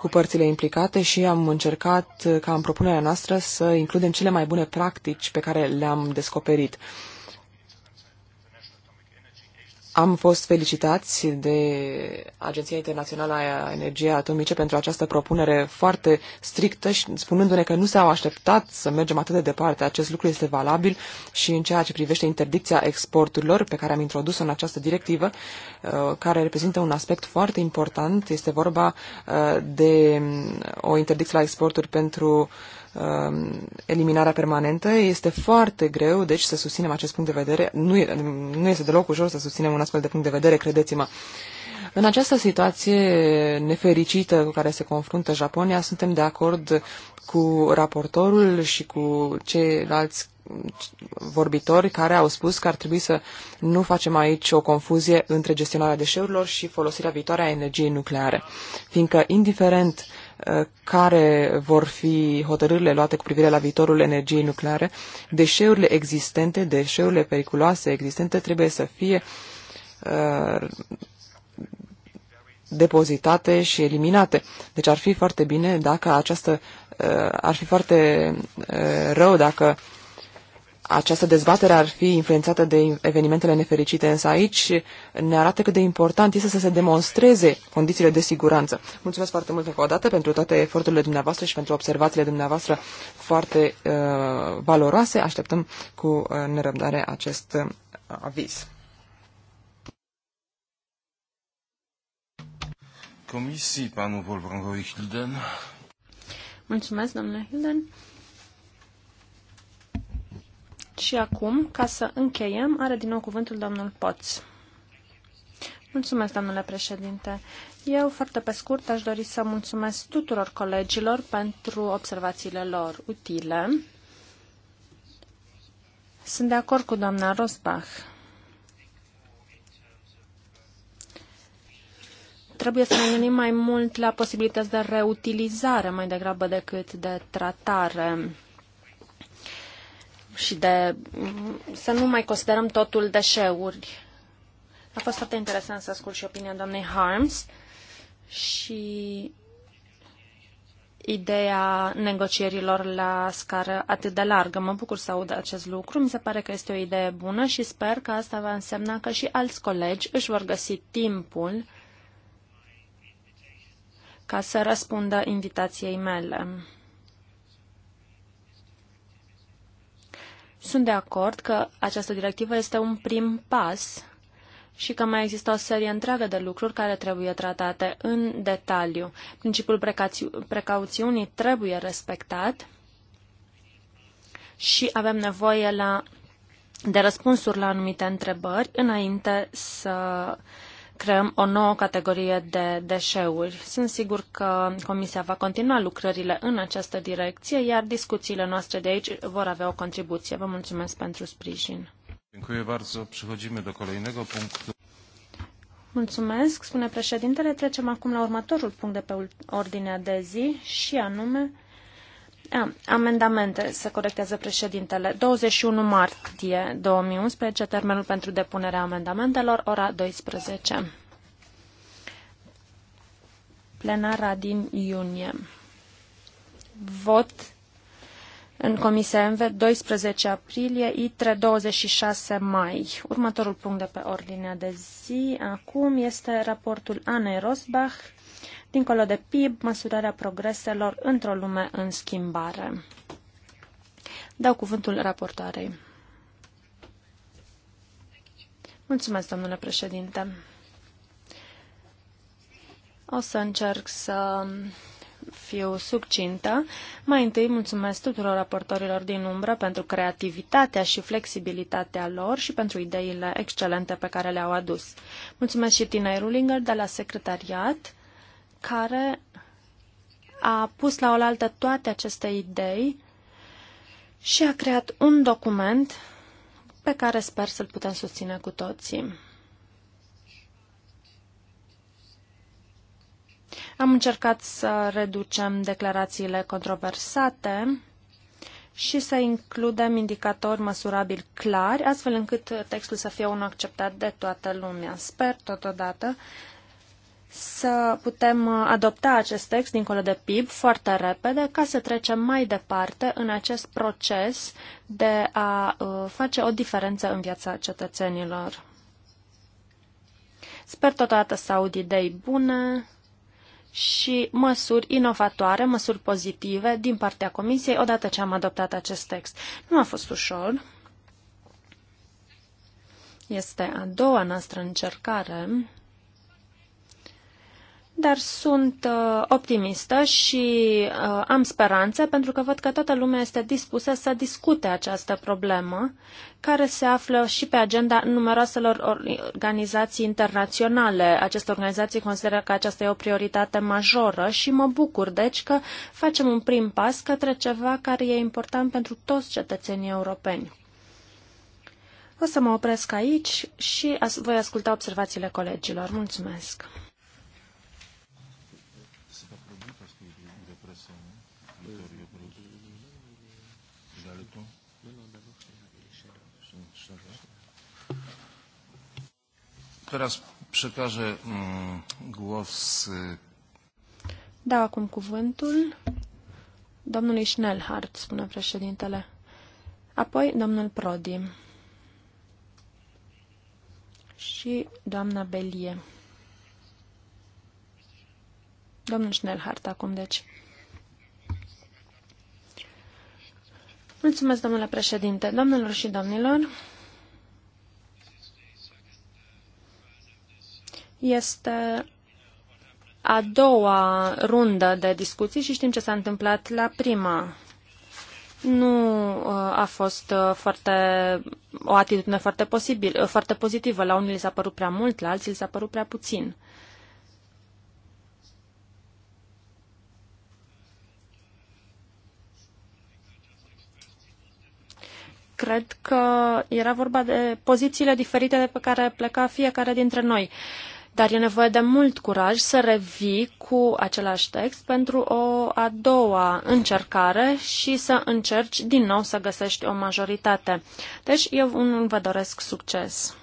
cu părțile implicate și am încercat ca în propunerea noastră să includem cele mai bune practici pe care le-am descoperit. Am fost felicitați de Agenția Internațională a Energiei Atomice pentru această propunere foarte strictă și spunându-ne că nu s-au așteptat să mergem atât de departe. Acest lucru este valabil și în ceea ce privește interdicția exporturilor pe care am introdus-o în această directivă, uh, care reprezintă un aspect foarte important. Este vorba uh, de um, o interdicție la exporturi pentru uh, Um, eliminarea permanentă. Este foarte greu, deci, să susținem acest punct de vedere. Nu, e, nu este deloc ușor să susținem un astfel de punct de vedere, credeți-mă. În această situație nefericită cu care se confruntă Japonia, suntem de acord cu raportorul și cu ceilalți vorbitori care au spus că ar trebui să nu facem aici o confuzie între gestionarea deșeurilor și folosirea viitoare a energiei nucleare, fiindcă indiferent uh, care vor fi hotărârile luate cu privire la viitorul energiei nucleare, deșeurile existente, deșeurile periculoase existente trebuie să fie uh, depozitate și eliminate. Deci ar fi foarte bine dacă această, uh, ar fi foarte uh, rău dacă uh, această dezbatere ar fi influențată de evenimentele nefericite, însă aici ne arată cât de important este să se demonstreze condițiile de siguranță. Mulțumesc foarte mult încă o dată pentru toate eforturile dumneavoastră și pentru observațiile dumneavoastră foarte uh, valoroase. Așteptăm cu uh, nerăbdare acest uh, aviz. Comisii, panul Wolfgang Hilden. Mulțumesc, domnule Hilden. Și acum, ca să încheiem, are din nou cuvântul domnul Poț. Mulțumesc, domnule președinte. Eu, foarte pe scurt, aș dori să mulțumesc tuturor colegilor pentru observațiile lor utile. Sunt de acord cu doamna Rosbach. Trebuie să ne gândim mai mult la posibilități de reutilizare mai degrabă decât de tratare și de să nu mai considerăm totul deșeuri. A fost foarte interesant să ascult și opinia doamnei Harms și ideea negocierilor la scară atât de largă. Mă bucur să aud acest lucru, mi se pare că este o idee bună și sper că asta va însemna că și alți colegi își vor găsi timpul ca să răspundă invitației mele. Sunt de acord că această directivă este un prim pas și că mai există o serie întreagă de lucruri care trebuie tratate în detaliu. Principiul precauți- precauțiunii trebuie respectat și avem nevoie la, de răspunsuri la anumite întrebări înainte să uh, creăm o nouă categorie de deșeuri. Sunt sigur că Comisia va continua lucrările în această direcție, iar discuțiile noastre de aici vor avea o contribuție. Vă mulțumesc pentru sprijin. Mulțumesc, spune președintele. Trecem acum la următorul punct de pe ordinea de zi și anume amendamente, se corectează președintele. 21 martie 2011, termenul pentru depunerea amendamentelor, ora 12. Plenara din iunie. Vot în Comisia MV 12 aprilie, ITRE 26 mai. Următorul punct de pe ordinea de zi acum este raportul Anei Rosbach dincolo de PIB, măsurarea progreselor într-o lume în schimbare. Dau cuvântul raportoarei. Mulțumesc, domnule președinte. O să încerc să fiu succintă. Mai întâi mulțumesc tuturor raportorilor din umbră pentru creativitatea și flexibilitatea lor și pentru ideile excelente pe care le-au adus. Mulțumesc și Tinei Rulinger de la secretariat care a pus la oaltă toate aceste idei și a creat un document pe care sper să-l putem susține cu toții. Am încercat să reducem declarațiile controversate și să includem indicatori măsurabili clari, astfel încât textul să fie unul acceptat de toată lumea. Sper totodată să putem uh, adopta acest text dincolo de PIB foarte repede ca să trecem mai departe în acest proces de a uh, face o diferență în viața cetățenilor. Sper totodată să aud idei bune și măsuri inovatoare, măsuri pozitive din partea Comisiei odată ce am adoptat acest text. Nu a fost ușor. Este a doua noastră încercare dar sunt uh, optimistă și uh, am speranță pentru că văd că toată lumea este dispusă să discute această problemă care se află și pe agenda numeroaselor organizații internaționale. Aceste organizații consideră că aceasta e o prioritate majoră și mă bucur, deci, că facem un prim pas către ceva care e important pentru toți cetățenii europeni. O să mă opresc aici și voi asculta observațiile colegilor. Mulțumesc! Teraz przekażę mm, głos... Da acum cuvântul domnului Schnellhardt, spune președintele. Apoi domnul Prodi și doamna Belie. Domnul Schnellhardt acum, deci. Mulțumesc, domnule președinte. Domnilor și domnilor, Este a doua rundă de discuții și știm ce s-a întâmplat la prima. Nu uh, a fost uh, foarte, o atitudine foarte, posibil, uh, foarte pozitivă. La unii li s-a părut prea mult, la alții li s-a părut prea puțin. cred că era vorba de pozițiile diferite de pe care pleca fiecare dintre noi dar e nevoie de mult curaj să revii cu același text pentru o a doua încercare și să încerci din nou să găsești o majoritate. Deci eu unul vă doresc succes.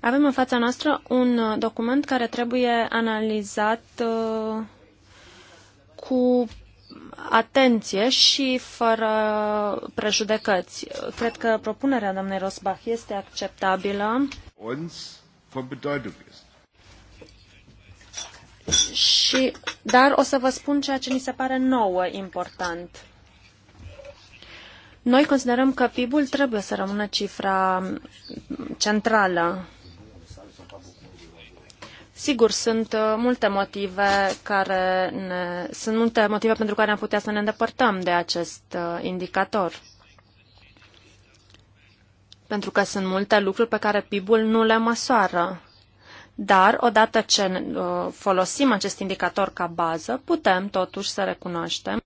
Avem în fața noastră un document care trebuie analizat uh, cu atenție și fără prejudecăți. Cred că propunerea doamnei Rosbach este acceptabilă. Și, dar o să vă spun ceea ce ni se pare nouă important. Noi considerăm că PIB-ul trebuie să rămână cifra centrală Sigur, sunt uh, multe motive care ne, sunt multe motive pentru care am putea să ne îndepărtăm de acest uh, indicator. Pentru că sunt multe lucruri pe care PIB-ul nu le măsoară. Dar, odată ce uh, folosim acest indicator ca bază, putem totuși să recunoaștem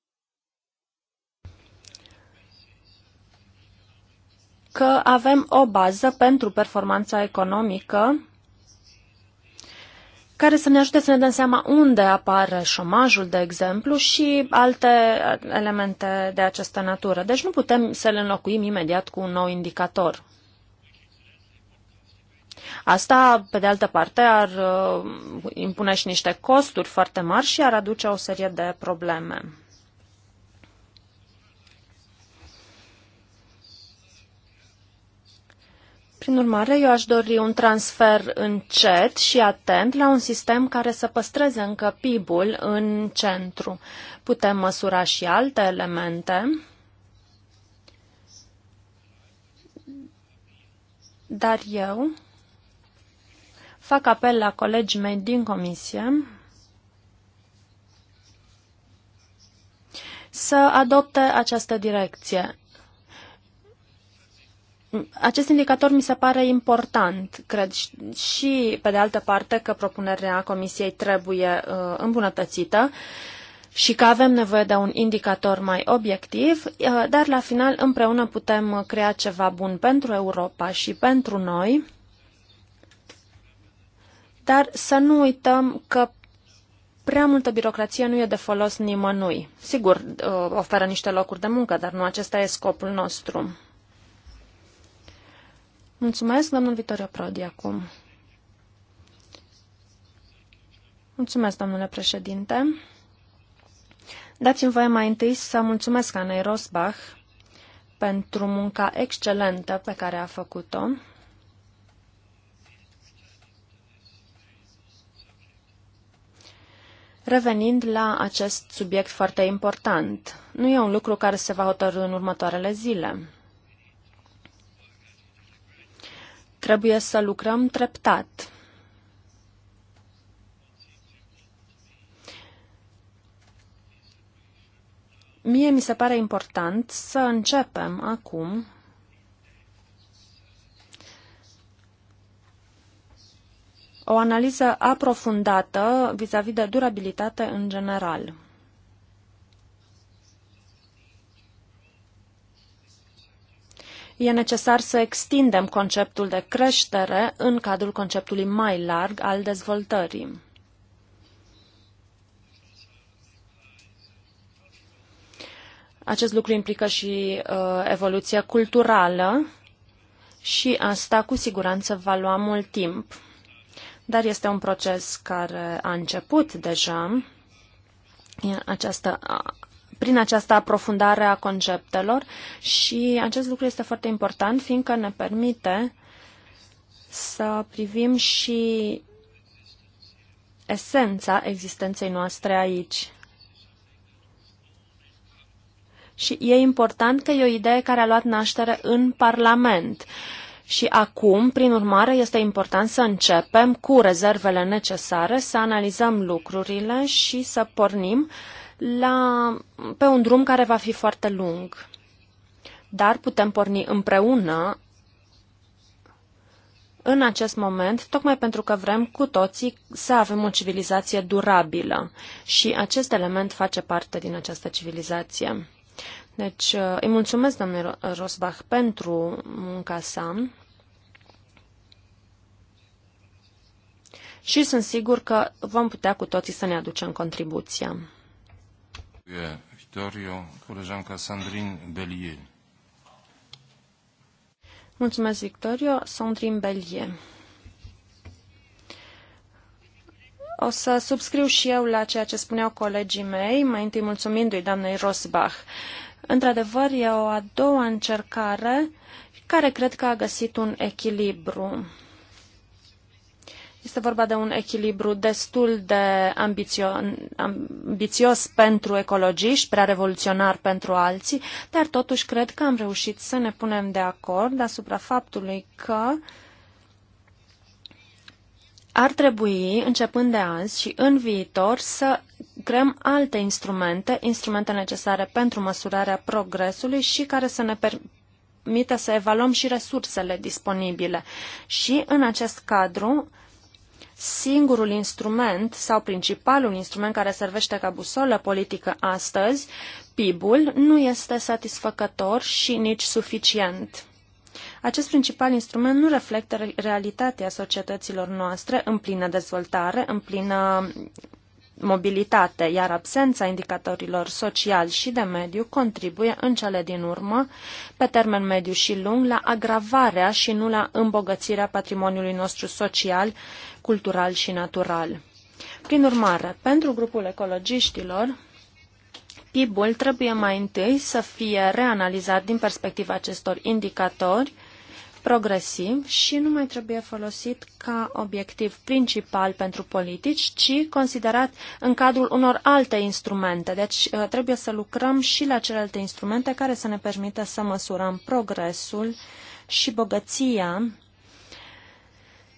că avem o bază pentru performanța economică care să ne ajute să ne dăm seama unde apare șomajul, de exemplu, și alte elemente de această natură. Deci nu putem să le înlocuim imediat cu un nou indicator. Asta, pe de altă parte, ar uh, impune și niște costuri foarte mari și ar aduce o serie de probleme. Prin urmare, eu aș dori un transfer încet și atent la un sistem care să păstreze încă PIB-ul în centru. Putem măsura și alte elemente, dar eu fac apel la colegii mei din comisie să adopte această direcție acest indicator mi se pare important, cred, și pe de altă parte că propunerea Comisiei trebuie uh, îmbunătățită și că avem nevoie de un indicator mai obiectiv, uh, dar la final împreună putem crea ceva bun pentru Europa și pentru noi. Dar să nu uităm că prea multă birocrație nu e de folos nimănui. Sigur, uh, oferă niște locuri de muncă, dar nu acesta e scopul nostru. Mulțumesc, domnul Vitorio Prodi, acum. Mulțumesc, domnule președinte. Dați-mi voie mai întâi să mulțumesc Anei Rosbach pentru munca excelentă pe care a făcut-o. Revenind la acest subiect foarte important, nu e un lucru care se va hotărâ în următoarele zile. Trebuie să lucrăm treptat. Mie mi se pare important să începem acum o analiză aprofundată vis-a-vis -vis de durabilitate în general. e necesar să extindem conceptul de creștere în cadrul conceptului mai larg al dezvoltării. Acest lucru implică și uh, evoluția culturală și asta cu siguranță va lua mult timp. Dar este un proces care a început deja. Această prin această aprofundare a conceptelor și acest lucru este foarte important fiindcă ne permite să privim și esența existenței noastre aici. Și e important că e o idee care a luat naștere în Parlament. Și acum, prin urmare, este important să începem cu rezervele necesare, să analizăm lucrurile și să pornim uh, la, pe un drum care va fi foarte lung. Dar putem porni împreună în acest moment, tocmai pentru că vrem cu toții să avem o civilizație durabilă și acest element face parte din această civilizație. Deci uh, îi mulțumesc, domnul Rosbach, pentru munca sa și sunt sigur că vom putea cu toții să ne aducem contribuția. Victorio, koleżanka Sandrine Bellier. Mulțumesc, Victorio. Sandrine Bellier. O să subscriu și eu la ceea ce spuneau colegii mei, mai întâi mulțumindu-i doamnei Rosbach. Într-adevăr, e o a doua încercare care cred că a găsit un echilibru. Este vorba de un echilibru destul de ambițio- ambițios pentru ecologiști, prea revoluționar pentru alții, dar totuși cred că am reușit să ne punem de acord asupra faptului că ar trebui, începând de azi și în viitor, să creăm alte instrumente, instrumente necesare pentru măsurarea progresului și care să ne permită să evaluăm și resursele disponibile. Și în acest cadru, singurul instrument sau principalul instrument care servește ca busolă politică astăzi, PIB-ul, nu este satisfăcător și nici suficient. Acest principal instrument nu reflectă realitatea societăților noastre în plină dezvoltare, în plină mobilitate, iar absența indicatorilor social și de mediu contribuie în cele din urmă, pe termen mediu și lung, la agravarea și nu la îmbogățirea patrimoniului nostru social cultural și natural. Prin urmare, pentru grupul ecologiștilor, PIB-ul trebuie mai întâi să fie reanalizat din perspectiva acestor indicatori progresiv și nu mai trebuie folosit ca obiectiv principal pentru politici, ci considerat în cadrul unor alte instrumente. Deci uh, trebuie să lucrăm și la celelalte instrumente care să ne permită să măsurăm progresul și bogăția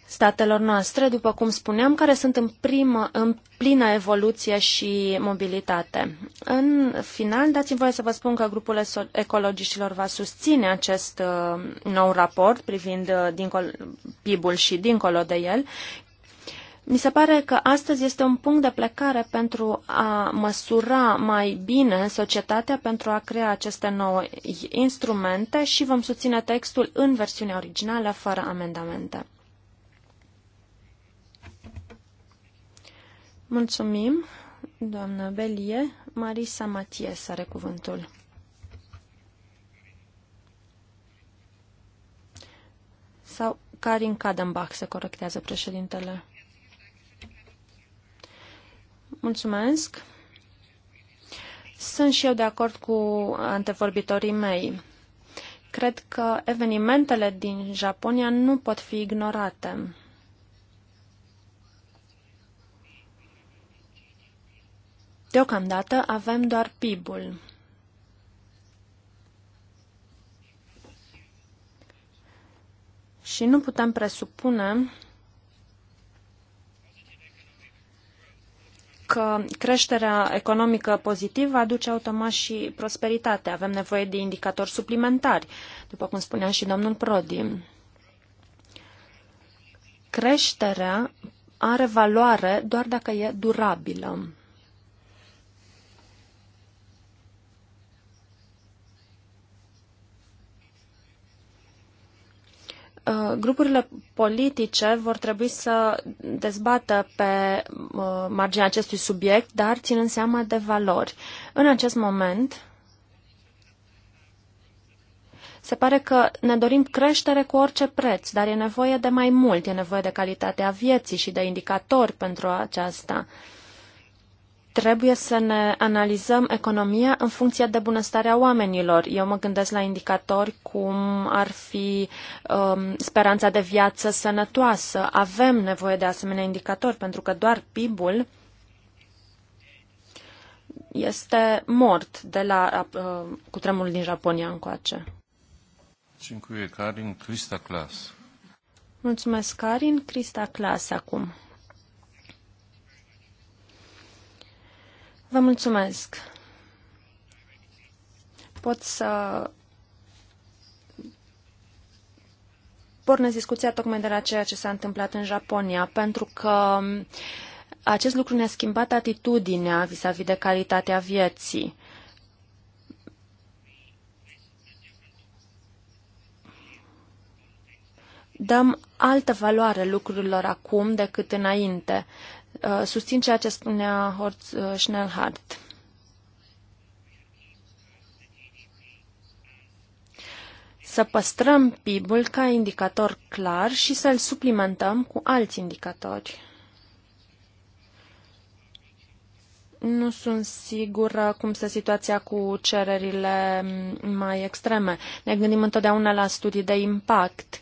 statelor noastre, după cum spuneam, care sunt în, primă, în plină evoluție și mobilitate. În final, dați-mi voie să vă spun că grupul ecologiștilor va susține acest uh, nou raport privind uh, dincolo, PIB-ul și dincolo de el. Mi se pare că astăzi este un punct de plecare pentru a măsura mai bine societatea, pentru a crea aceste noi instrumente și vom susține textul în versiunea originală, fără amendamente. Mulțumim, doamnă Belie. Marisa Maties are cuvântul. Sau Karin Kadenbach se corectează președintele. Mulțumesc. Sunt și eu de acord cu antevorbitorii mei. Cred că evenimentele din Japonia nu pot fi ignorate. Deocamdată avem doar PIB-ul. Și nu putem presupune că creșterea economică pozitivă aduce automat și prosperitate. Avem nevoie de indicatori suplimentari, după cum spunea și domnul Prodi. Creșterea are valoare doar dacă e durabilă. Uh, grupurile politice vor trebui să dezbată pe uh, marginea acestui subiect, dar ținând seama de valori. În acest moment, se pare că ne dorim creștere cu orice preț, dar e nevoie de mai mult, e nevoie de calitatea vieții și de indicatori pentru aceasta trebuie să ne analizăm economia în funcție de bunăstarea oamenilor. Eu mă gândesc la indicatori cum ar fi um, speranța de viață sănătoasă. Avem nevoie de asemenea indicatori, pentru că doar PIB-ul este mort de la uh, cutremurul din Japonia încoace. Mulțumesc, Karin. Crista Clas acum. Vă mulțumesc. Pot să pornesc discuția tocmai de la ceea ce s-a întâmplat în Japonia, pentru că um, acest lucru ne-a schimbat atitudinea vis-a-vis -vis de calitatea vieții. Dăm altă valoare lucrurilor acum decât înainte. Uh, susțin ceea ce spunea Horst uh, Schnellhardt. Să păstrăm PIB-ul ca indicator clar și să-l suplimentăm cu alți indicatori. Nu sunt sigură cum se situația cu cererile mai extreme. Ne gândim întotdeauna la studii de impact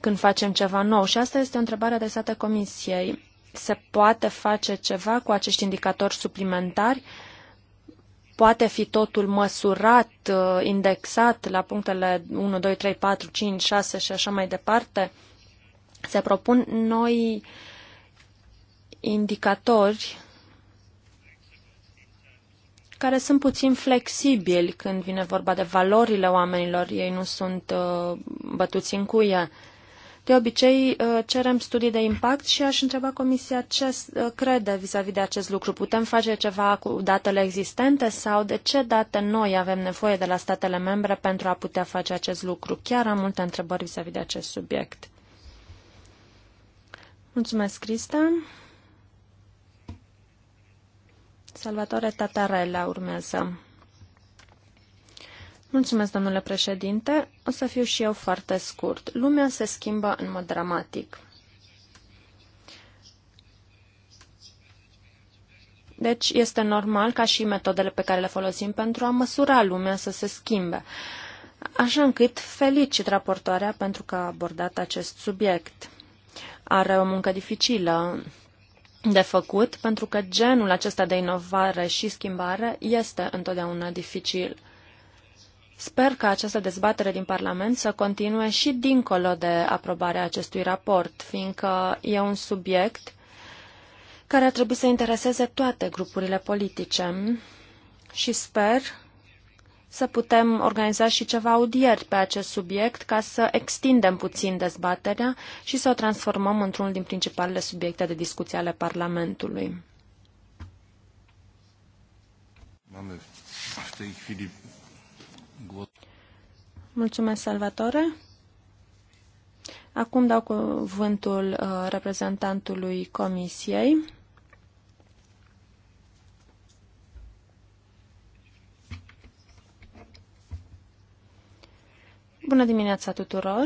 când facem ceva nou și asta este o întrebare adresată Comisiei se poate face ceva cu acești indicatori suplimentari? Poate fi totul măsurat, uh, indexat la punctele 1, 2, 3, 4, 5, 6 și așa mai departe? Se propun noi indicatori care sunt puțin flexibili când vine vorba de valorile oamenilor, ei nu sunt uh, bătuți în cuie. Uh, de obicei uh, cerem studii de impact și aș întreba Comisia ce uh, crede vis-a-vis -vis de acest lucru. Putem face ceva cu datele existente sau de ce date noi avem nevoie de la statele membre pentru a putea face acest lucru? Chiar am multe întrebări vis-a-vis -vis de acest subiect. Mulțumesc, Cristian. Salvatore Tatarella urmează. Mulțumesc, domnule președinte. O să fiu și eu foarte scurt. Lumea se schimbă în mod dramatic. Deci este normal ca și metodele pe care le folosim pentru a măsura lumea să se schimbe. Așa încât felicit raportoarea pentru că a abordat acest subiect. Are o muncă dificilă de făcut, pentru că genul acesta de inovare și schimbare este întotdeauna dificil. Sper că această dezbatere din Parlament să continue și dincolo de aprobarea acestui raport, fiindcă e un subiect care ar trebui să intereseze toate grupurile politice și sper să putem organiza și ceva audieri pe acest subiect ca să extindem puțin dezbaterea și să o transformăm într-unul din principalele subiecte de discuție ale Parlamentului. Mamy w tej chwili Mulțumesc, Salvatore. Acum dau cuvântul uh, reprezentantului Comisiei. Bună dimineața tuturor!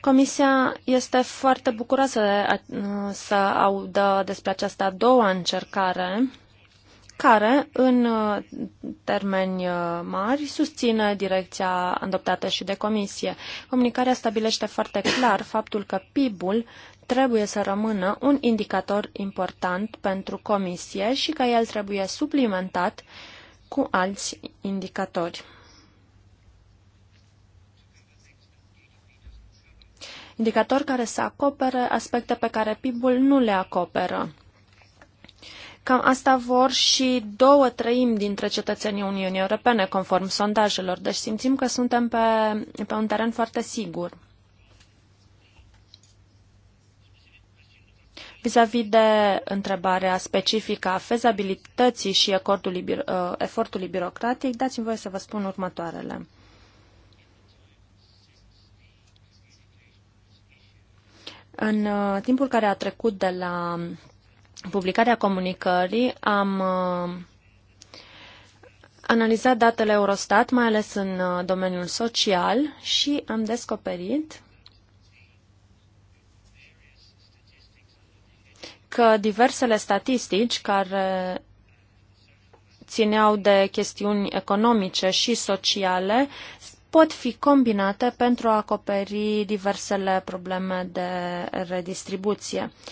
Comisia este foarte bucuroasă uh, să audă despre această a doua încercare care, în uh, termeni uh, mari, susține direcția adoptată și de comisie. Comunicarea stabilește foarte clar faptul că PIB-ul trebuie să rămână un indicator important pentru comisie și că el trebuie suplimentat cu alți indicatori. Indicator care să acopere aspecte pe care PIB-ul nu le acoperă Cam asta vor și două treimi dintre cetățenii Uniunii Europene, conform sondajelor. Deci simțim că suntem pe, pe un teren foarte sigur. Vis-a-vis de întrebarea specifică a fezabilității și acordului, uh, efortului birocratic, dați-mi voie să vă spun următoarele. În uh, timpul care a trecut de la publicarea comunicării am uh, analizat datele Eurostat, mai ales în uh, domeniul social, și am descoperit că diversele statistici care țineau de chestiuni economice și sociale pot fi combinate pentru a acoperi diversele probleme de redistribuție. Uh,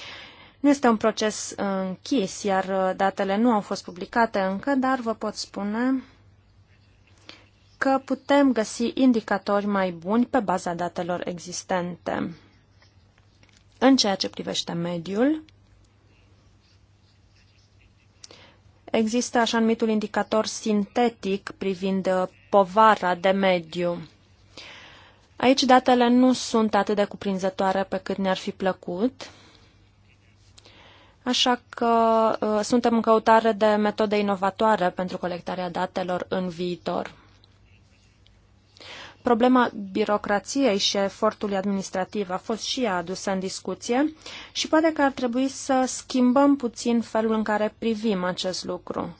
nu este un proces uh, închis, iar uh, datele nu au fost publicate încă, dar vă pot spune că putem găsi indicatori mai buni pe baza datelor existente. În ceea ce privește mediul, există așa numitul indicator sintetic privind uh, povara de mediu. Aici datele nu sunt atât de cuprinzătoare pe cât ne-ar fi plăcut, Așa că uh, suntem în căutare de metode inovatoare pentru colectarea datelor în viitor. Problema birocrației și efortului administrativ a fost și ea adusă în discuție și poate că ar trebui să schimbăm puțin felul în care privim acest lucru.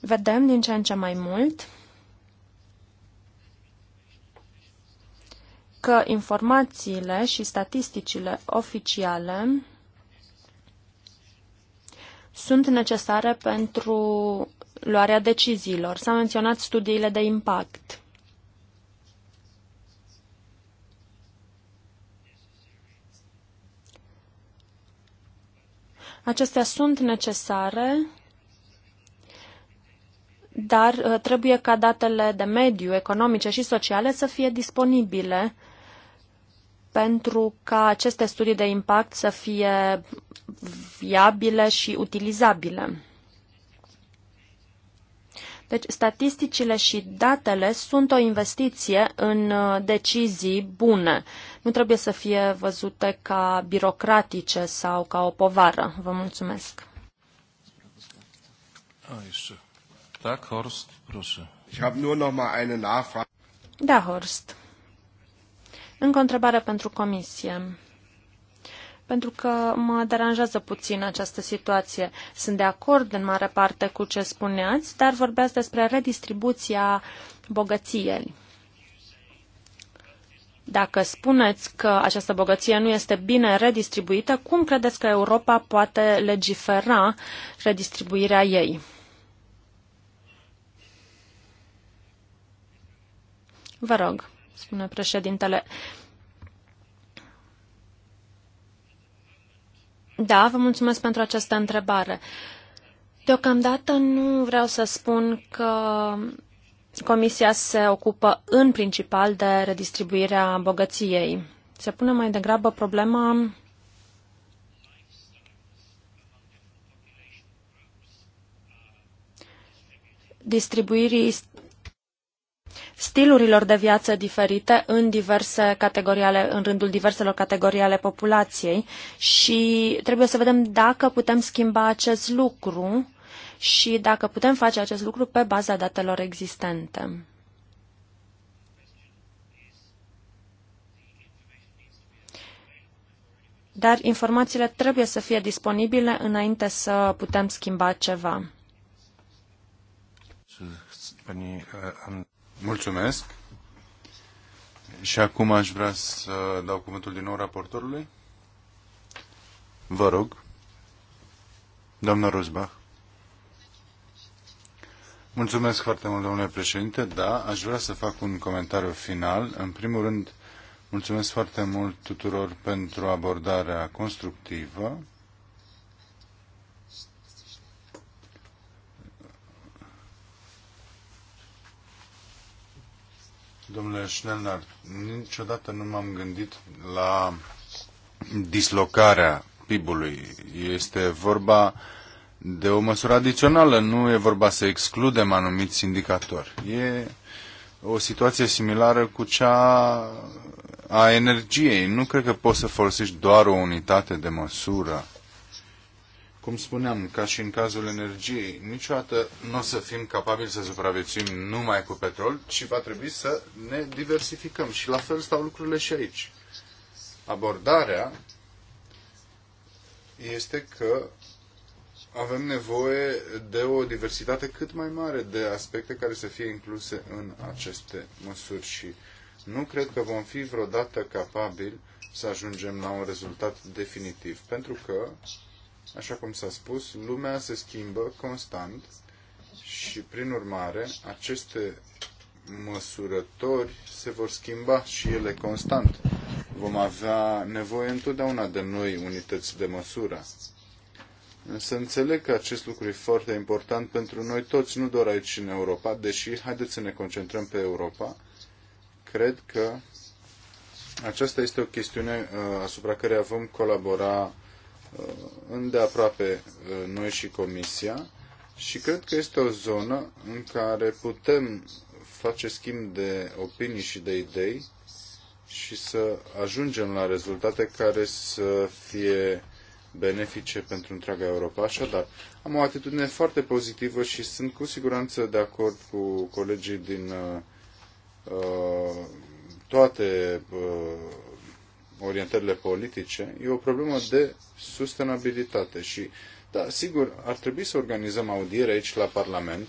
Vedem din ce în ce mai mult că informațiile și statisticile oficiale sunt necesare pentru luarea deciziilor. S-au menționat studiile de impact. Acestea sunt necesare, dar uh, trebuie ca datele de mediu, economice și sociale să fie disponibile pentru ca aceste studii de impact să fie viabile și utilizabile. Deci, statisticile și datele sunt o investiție în uh, decizii bune. Nu trebuie să fie văzute ca birocratice sau ca o povară. Vă mulțumesc. Da, Horst. Încă o întrebare pentru comisie. Pentru că mă deranjează puțin această situație. Sunt de acord în mare parte cu ce spuneați, dar vorbeați despre redistribuția bogăției. Dacă spuneți că această bogăție nu este bine redistribuită, cum credeți că Europa poate legifera redistribuirea ei? Vă rog spune președintele. Da, vă mulțumesc pentru această întrebare. Deocamdată nu vreau să spun că Comisia se ocupă în principal de redistribuirea bogăției. Se pune mai degrabă problema distribuirii stilurilor de viață diferite în, diverse categorii ale, în rândul diverselor categorii ale populației și trebuie să vedem dacă putem schimba acest lucru și dacă putem face acest lucru pe baza datelor existente. Dar informațiile trebuie să fie disponibile înainte să putem schimba ceva. Mulțumesc. Și acum aș vrea să dau cuvântul din nou raportorului. Vă rog. Doamna Rosbach. Mulțumesc foarte mult, domnule președinte. Da, aș vrea să fac un comentariu final. În primul rând, mulțumesc foarte mult tuturor pentru abordarea constructivă Domnule Schnellner, niciodată nu m-am gândit la dislocarea PIB-ului. Este vorba de o măsură adițională, nu e vorba să excludem anumiți indicatori. E o situație similară cu cea a energiei. Nu cred că poți să folosești doar o unitate de măsură cum spuneam, ca și în cazul energiei, niciodată nu o să fim capabili să supraviețuim numai cu petrol, ci va trebui să ne diversificăm. Și la fel stau lucrurile și aici. Abordarea este că avem nevoie de o diversitate cât mai mare de aspecte care să fie incluse în aceste măsuri și nu cred că vom fi vreodată capabili să ajungem la un rezultat definitiv, pentru că Așa cum s-a spus, lumea se schimbă constant și, prin urmare, aceste măsurători se vor schimba și ele constant. Vom avea nevoie întotdeauna de noi unități de măsură. Însă înțeleg că acest lucru e foarte important pentru noi toți, nu doar aici în Europa, deși haideți să ne concentrăm pe Europa. Cred că aceasta este o chestiune uh, asupra care vom colabora îndeaproape uh, noi și Comisia și cred că este o zonă în care putem face schimb de opinii și de idei și să ajungem la rezultate care să fie benefice pentru întreaga Europa. Așadar, am o atitudine foarte pozitivă și sunt cu siguranță de acord cu colegii din uh, uh toate uh, orientările politice, e o problemă de sustenabilitate și, da, sigur, ar trebui să organizăm audiere aici la Parlament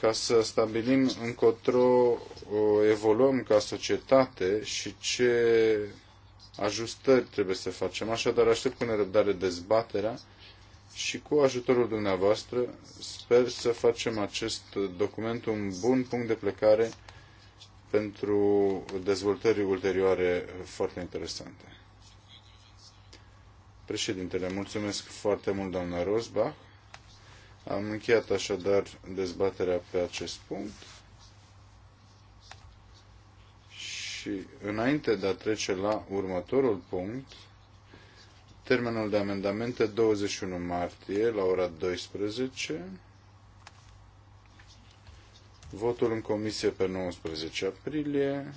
ca să stabilim încotro evoluăm ca societate și ce ajustări trebuie să facem. Așadar, aștept cu nerăbdare dezbaterea și cu ajutorul dumneavoastră sper să facem acest document un bun punct de plecare pentru dezvoltări ulterioare foarte interesante. Președintele, mulțumesc foarte mult, doamna Rosbach. Am încheiat așadar dezbaterea pe acest punct. Și înainte de a trece la următorul punct, termenul de amendamente 21 martie la ora 12 votul în comisie pe 19 aprilie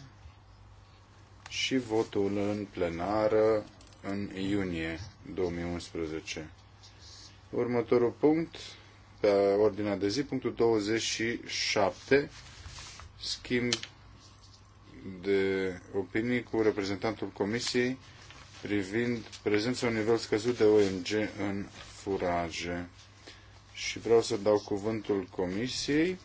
și votul în plenară în iunie 2011. Următorul punct pe ordinea de zi, punctul 27, schimb de opinii cu reprezentantul Comisiei privind prezența un nivel scăzut de ONG în furaje. Și vreau să dau cuvântul Comisiei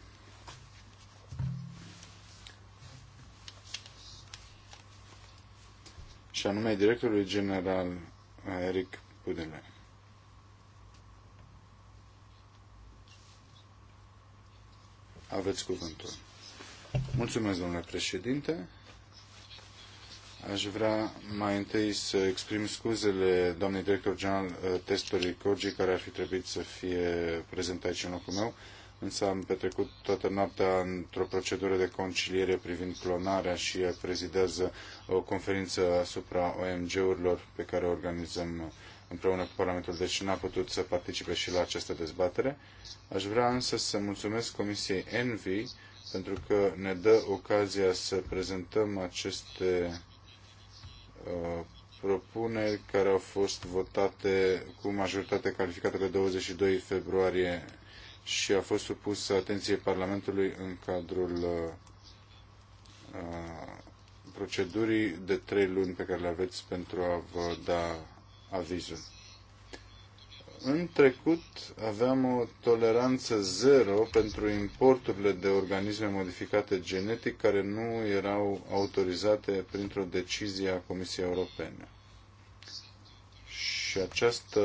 și anume directorului general uh, Eric Pudele. Aveți cuvântul. Mulțumesc, domnule președinte. Aș vrea mai întâi să exprim scuzele doamnei director general uh, Testori Corgi, care ar fi trebuit să fie prezentat aici în locul meu însă am petrecut toată noaptea într-o procedură de conciliere privind clonarea și prezidează o conferință asupra OMG-urilor pe care o organizăm împreună cu Parlamentul, deci n-a putut să participe și la această dezbatere. Aș vrea însă să mulțumesc Comisiei Envi pentru că ne dă ocazia să prezentăm aceste uh, propuneri care au fost votate cu majoritate calificată pe 22 februarie și a fost supus atenției Parlamentului în cadrul uh, uh, procedurii de trei luni pe care le aveți pentru a vă da avizul. În trecut aveam o toleranță zero pentru importurile de organisme modificate genetic care nu erau autorizate printr-o decizie a Comisiei Europene. Și această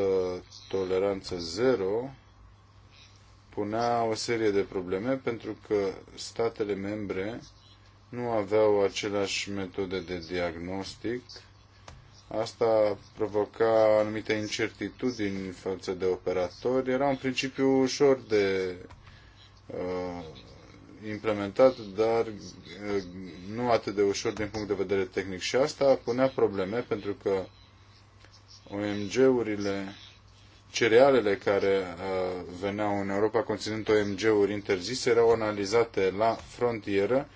toleranță zero punea o serie de probleme pentru că statele membre nu aveau aceleași metode de diagnostic. Asta provoca anumite incertitudini față de operatori. Era un principiu ușor de uh, implementat, dar uh, nu atât de ușor din punct de vedere tehnic. Și asta punea probleme pentru că OMG-urile cerealele care uh, veneau în Europa conținând OMG-uri interzise erau analizate la frontieră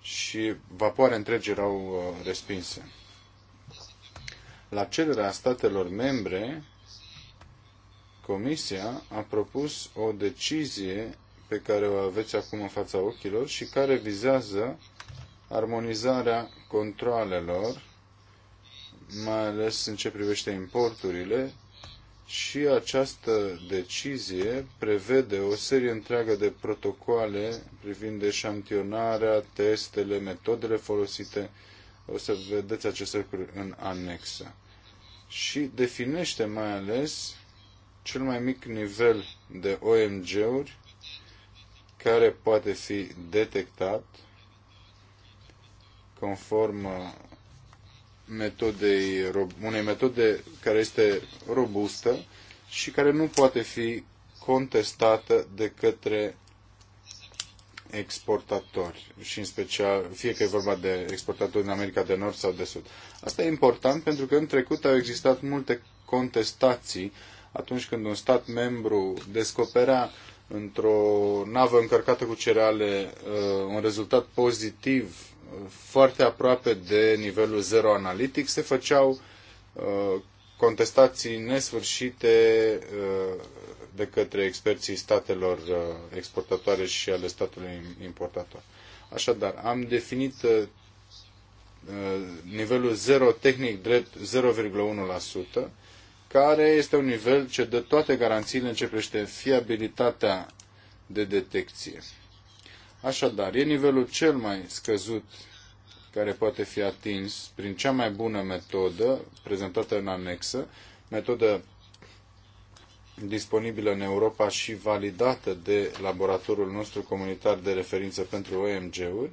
și vapoare întregi erau uh, respinse. La cererea statelor membre, Comisia a propus o decizie pe care o aveți acum în fața ochilor și care vizează armonizarea controalelor, mai ales în ce privește importurile, și această decizie prevede o serie întreagă de protocoale privind eșantionarea, testele, metodele folosite. O să vedeți aceste lucruri în anexă. Și definește mai ales cel mai mic nivel de OMG-uri care poate fi detectat conform metodei, unei metode care este robustă și care nu poate fi contestată de către exportatori și în special, fie că e vorba de exportatori din America de Nord sau de Sud. Asta e important pentru că în trecut au existat multe contestații atunci când un stat membru descoperea într-o navă încărcată cu cereale uh, un rezultat pozitiv foarte aproape de nivelul zero analitic, se făceau uh, contestații nesfârșite uh, de către experții statelor uh, exportatoare și ale statului importator. Așadar, am definit nivelul zero tehnic drept 0,1%, care este un nivel ce dă toate garanțiile în ce privește fiabilitatea de detecție. Așadar, e nivelul cel mai scăzut care poate fi atins prin cea mai bună metodă prezentată în anexă, metodă disponibilă în Europa și validată de laboratorul nostru comunitar de referință pentru OMG-uri,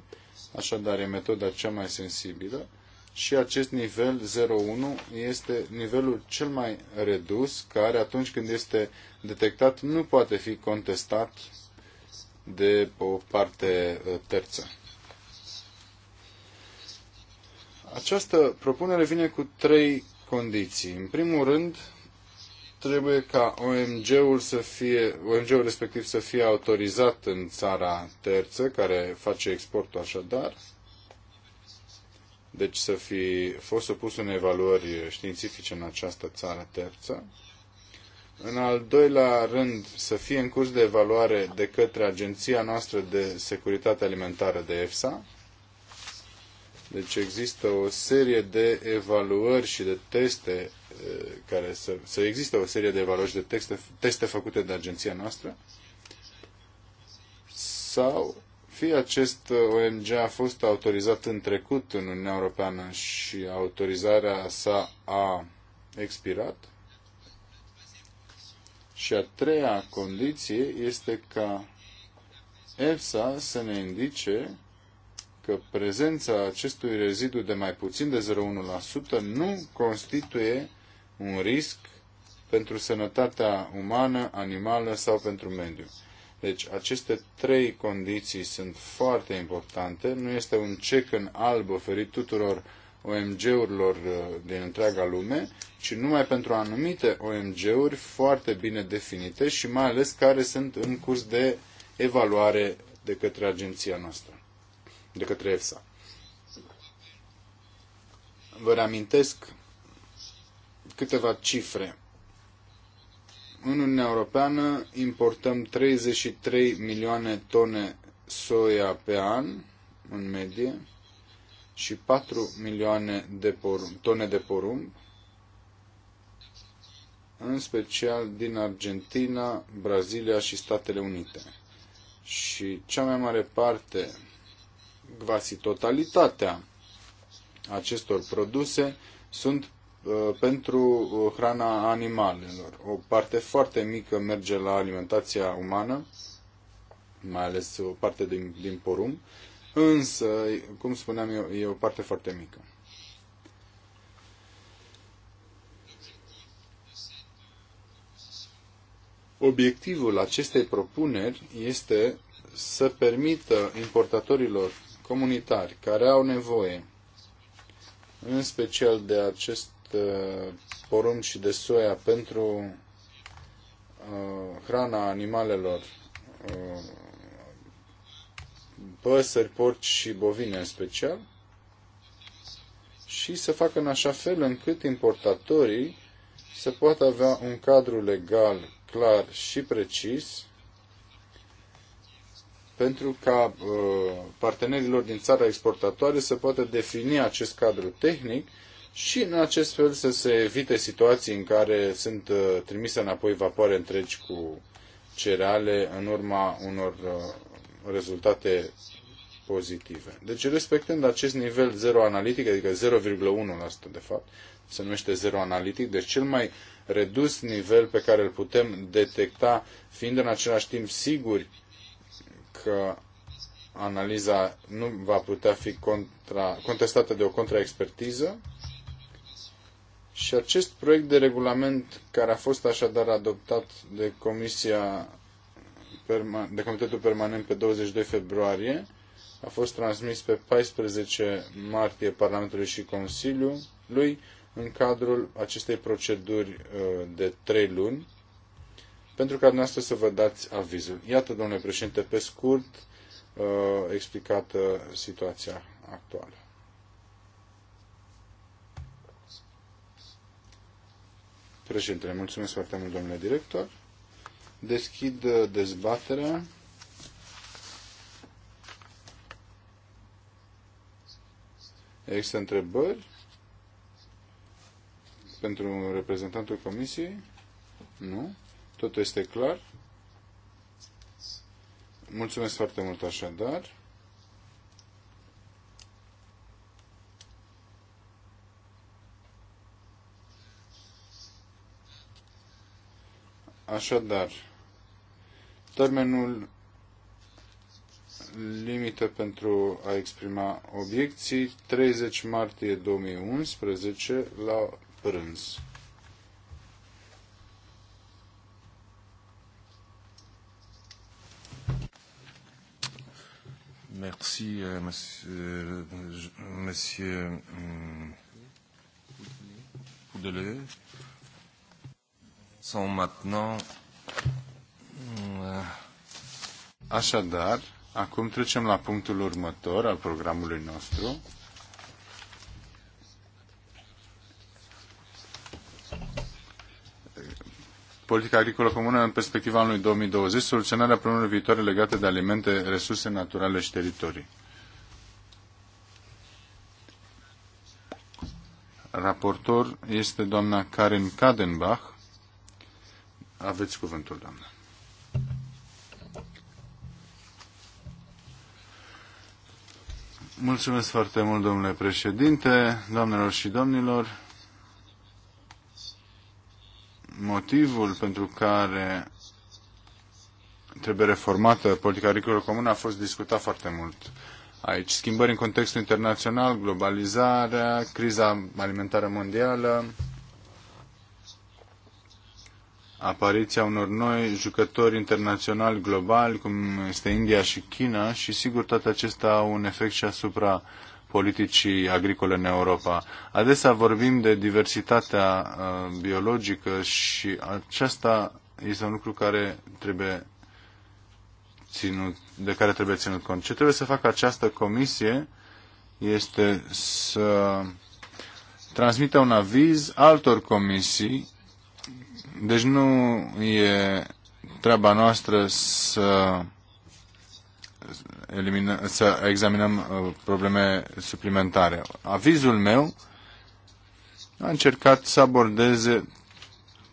așadar e metoda cea mai sensibilă și acest nivel 01 este nivelul cel mai redus care atunci când este detectat nu poate fi contestat de o parte uh, terță. Această propunere vine cu trei condiții. În primul rând, trebuie ca OMG-ul să fie, OMG-ul respectiv să fie autorizat în țara terță care face exportul așadar. Deci să fi fost supus în evaluări științifice în această țară terță. În al doilea rând, să fie în curs de evaluare de către Agenția noastră de Securitate Alimentară de EFSA. Deci există o serie de evaluări și de teste eh, care să, să există o serie de evaluări și de texte, teste făcute de agenția noastră sau fie acest eh, OMG a fost autorizat în trecut în Uniunea Europeană și autorizarea sa a expirat, și a treia condiție este ca EFSA să ne indice că prezența acestui rezidu de mai puțin de 0,1% nu constituie un risc pentru sănătatea umană, animală sau pentru mediu. Deci aceste trei condiții sunt foarte importante. Nu este un cec în alb oferit tuturor OMG-urilor uh, din întreaga lume, ci numai pentru anumite OMG-uri foarte bine definite și mai ales care sunt în curs de evaluare de către agenția noastră, de către EFSA. Vă reamintesc câteva cifre. În Uniunea Europeană importăm 33 milioane tone soia pe an, în medie, și 4 milioane de porumb, tone de porumb, în special din Argentina, Brazilia și Statele Unite. Și cea mai mare parte, quasi totalitatea acestor produse sunt uh, pentru uh, hrana animalelor. O parte foarte mică merge la alimentația umană, mai ales o parte din, din porumb, însă, cum spuneam eu, e o parte foarte mică. Obiectivul acestei propuneri este să permită importatorilor comunitari care au nevoie, în special de acest uh, porumb și de soia pentru uh, hrana animalelor uh, păsări, porci și bovine în special, și să facă în așa fel încât importatorii să poată avea un cadru legal clar și precis pentru ca uh, partenerilor din țara exportatoare să poată defini acest cadru tehnic și în acest fel să se evite situații în care sunt uh, trimise înapoi vapoare întregi cu cereale în urma unor uh, rezultate pozitive. Deci respectând acest nivel zero analitic, adică 0,1% de fapt, se numește zero analitic, deci cel mai redus nivel pe care îl putem detecta, fiind în același timp siguri că analiza nu va putea fi contra, contestată de o contraexpertiză. Și acest proiect de regulament care a fost așadar adoptat de Comisia de Comitetul Permanent pe 22 februarie, a fost transmis pe 14 martie Parlamentului și Consiliului în cadrul acestei proceduri uh, de trei luni, pentru ca dumneavoastră să vă dați avizul. Iată, domnule președinte, pe scurt, uh, explicată situația actuală. Președintele, mulțumesc foarte mult, domnule director. Deschid uh, dezbaterea. Există întrebări pentru reprezentantul comisiei? Nu? Totul este clar? Mulțumesc foarte mult așadar. Așadar, Termenul limită pentru a exprima obiecții 30 martie 2011 la prânz. Merci, euh, monsieur, monsieur Poudelet. Sont maintenant Așadar, acum trecem la punctul următor al programului nostru. politica agricolă comună în perspectiva anului 2020, soluționarea problemelor viitoare legate de alimente, resurse naturale și teritorii. Raportor este doamna Karen Kadenbach. Aveți cuvântul, doamna. Mulțumesc foarte mult, domnule președinte, doamnelor și domnilor. Motivul pentru care trebuie reformată politica agricolă comună a fost discutat foarte mult aici. Schimbări în contextul internațional, globalizarea, criza alimentară mondială, apariția unor noi jucători internaționali globali, cum este India și China, și sigur toate acestea au un efect și asupra politicii agricole în Europa. Adesea vorbim de diversitatea uh, biologică și aceasta este un lucru care trebuie ținut, de care trebuie ținut cont. Ce trebuie să facă această comisie este să transmită un aviz altor comisii deci nu e treaba noastră să, elimină, să examinăm uh, probleme suplimentare. Avizul meu a încercat să abordeze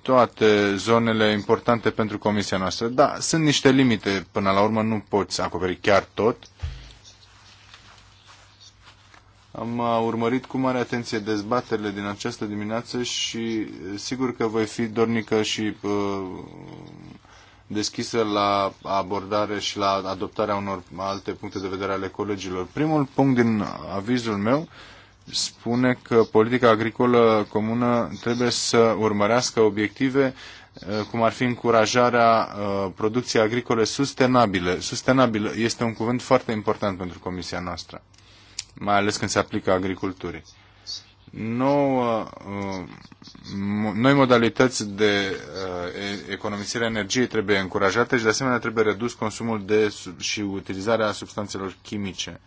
toate zonele importante pentru comisia noastră. Da, sunt niște limite, până la urmă nu poți acoperi chiar tot, am uh, urmărit cu mare atenție dezbaterile din această dimineață și uh, sigur că voi fi dornică și uh, deschisă la abordare și la adoptarea unor alte puncte de vedere ale colegilor. Primul punct din avizul meu spune că politica agricolă comună trebuie să urmărească obiective cum ar fi încurajarea producției agricole sustenabile. Sustenabil este un cuvânt foarte important pentru comisia noastră mai ales când se aplică agriculturii. Uh, noi modalități de uh, economisire a energiei trebuie încurajate și de asemenea trebuie redus consumul de și utilizarea substanțelor chimice.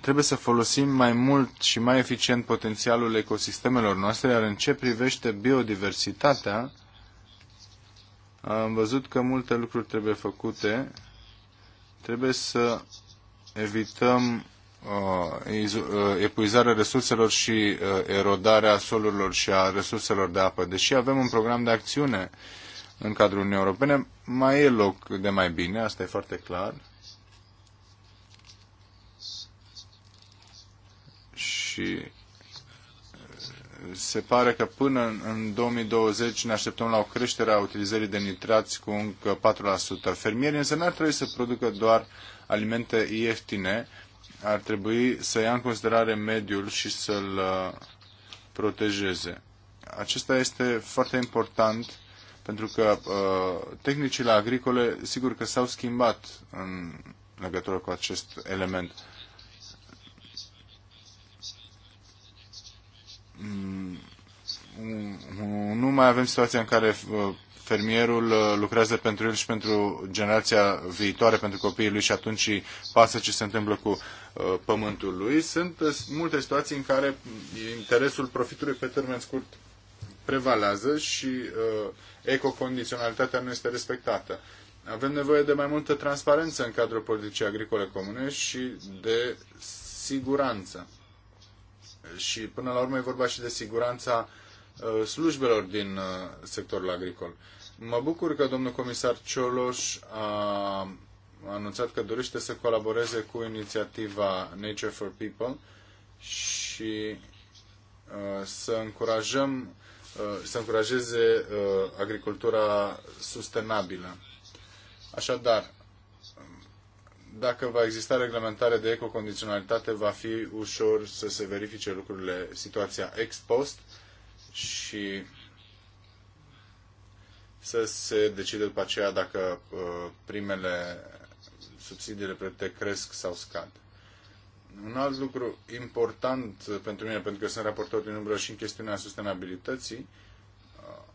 Trebuie să folosim mai mult și mai eficient potențialul ecosistemelor noastre, iar în ce privește biodiversitatea, am văzut că multe lucruri trebuie făcute. Trebuie să evităm uh, uh, epuizarea resurselor și uh, erodarea solurilor și a resurselor de apă. Deși avem un program de acțiune în cadrul Uniunii Europene, mai e loc de mai bine, asta e foarte clar. Și uh, se pare că până în 2020 ne așteptăm la o creștere a utilizării de nitrați cu încă 4%. Fermierii însă n-ar trebui să producă doar alimente ieftine, ar trebui să ia în considerare mediul și să-l uh, protejeze. Acesta este foarte important pentru că uh, tehnicile agricole, sigur că s-au schimbat în legătură cu acest element. Mm, nu mai avem situația în care uh, fermierul uh, lucrează pentru el și pentru generația viitoare, pentru copiii lui și atunci îi pasă ce se întâmplă cu uh, pământul lui. Sunt uh, multe situații în care interesul profitului pe termen scurt prevalează și ecocondiționalitatea nu este respectată. Avem nevoie de mai multă transparență în cadrul politicii agricole comune și de siguranță. Și până la urmă e vorba și de siguranța slujbelor din sectorul agricol. Mă bucur că domnul comisar Cioloș a anunțat că dorește să colaboreze cu inițiativa Nature for People și uh, să încurajăm uh, să încurajeze uh, agricultura sustenabilă. Așadar, dacă va exista reglementare de ecocondiționalitate, va fi ușor să se verifice lucrurile, situația ex post și să se decide după aceea dacă uh, primele subsidiile proiecte cresc sau scad. Un alt lucru important uh, pentru mine, pentru că sunt raportor din umbră și în chestiunea sustenabilității, uh,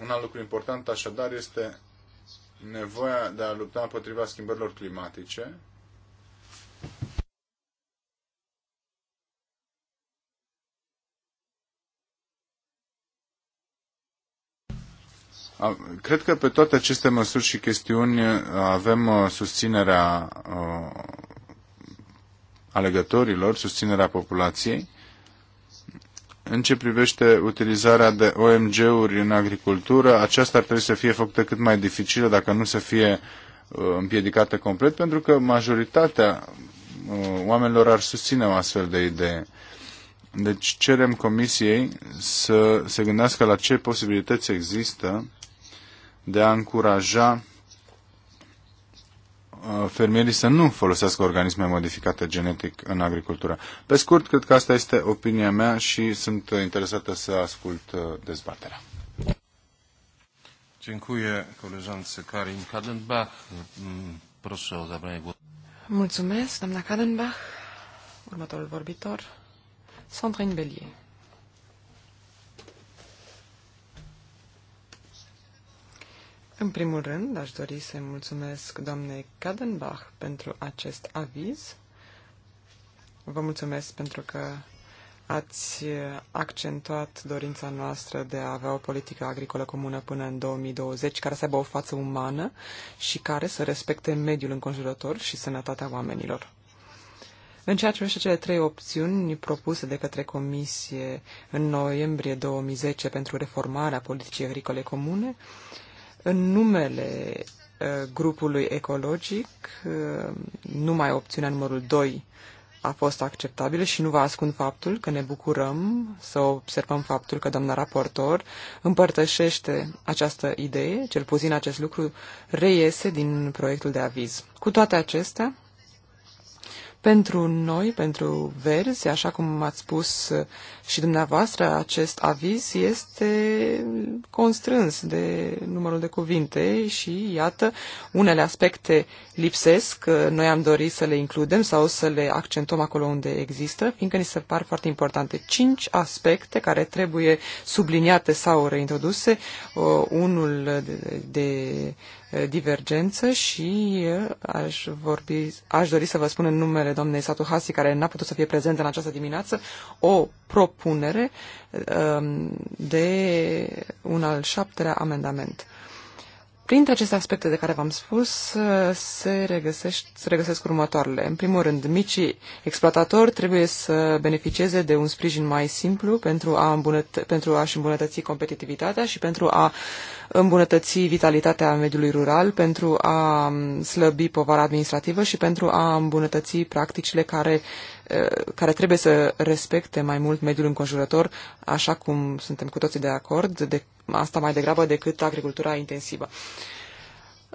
un alt lucru important așadar este nevoia de a lupta împotriva schimbărilor climatice, Cred că pe toate aceste măsuri și chestiuni uh, avem uh, susținerea uh, alegătorilor, susținerea populației. În ce privește utilizarea de OMG-uri în agricultură, aceasta ar trebui să fie făcută cât mai dificilă, dacă nu să fie împiedicată complet, pentru că majoritatea oamenilor ar susține o astfel de idee. Deci cerem comisiei să se gândească la ce posibilități există de a încuraja uh, fermierii să nu folosească organisme modificate genetic în agricultură. Pe scurt, cred că asta este opinia mea și sunt interesată să ascult uh, dezbaterea. Dziękuję koleżance Karin Kadenbach. Mm, proszę o zabranie głosu. Mulțumesc, doamna Kadenbach. Următorul vorbitor, Sandrine Bellier. În primul rând, aș dori să-i mulțumesc doamnei Cadenbach pentru acest aviz. Vă mulțumesc pentru că ați accentuat dorința noastră de a avea o politică agricolă comună până în 2020, care să aibă o față umană și care să respecte mediul înconjurător și sănătatea oamenilor. În ceea ce privește cele trei opțiuni propuse de către Comisie în noiembrie 2010 pentru reformarea politicii agricole comune, în numele uh, grupului ecologic, uh, numai opțiunea numărul 2 a fost acceptabilă și nu vă ascund faptul că ne bucurăm să observăm faptul că doamna raportor împărtășește această idee, cel puțin acest lucru reiese din proiectul de aviz. Cu toate acestea, pentru noi, pentru verzi, așa cum ați spus uh, și dumneavoastră, acest aviz este constrâns de numărul de cuvinte și, iată, unele aspecte lipsesc, uh, noi am dorit să le includem sau să le accentuăm acolo unde există, fiindcă ni se par foarte importante. Cinci aspecte care trebuie subliniate sau reintroduse, uh, unul de, de divergență și aș, vorbi, aș dori să vă spun în numele doamnei Satu Hasi, care n-a putut să fie prezentă în această dimineață, o propunere um, de un al șaptelea amendament. Printre aceste aspecte de care v-am spus, uh, se, regăsește, se regăsesc următoarele. În primul rând, micii exploatatori trebuie să beneficieze de un sprijin mai simplu pentru, a îmbunătă- pentru a-și îmbunătăți competitivitatea și pentru a îmbunătăți vitalitatea mediului rural, pentru a mm, slăbi povara administrativă și pentru a îmbunătăți practicile care uh, care trebuie să respecte mai mult mediul înconjurător, așa cum suntem cu toții de acord, de asta mai degrabă decât agricultura intensivă.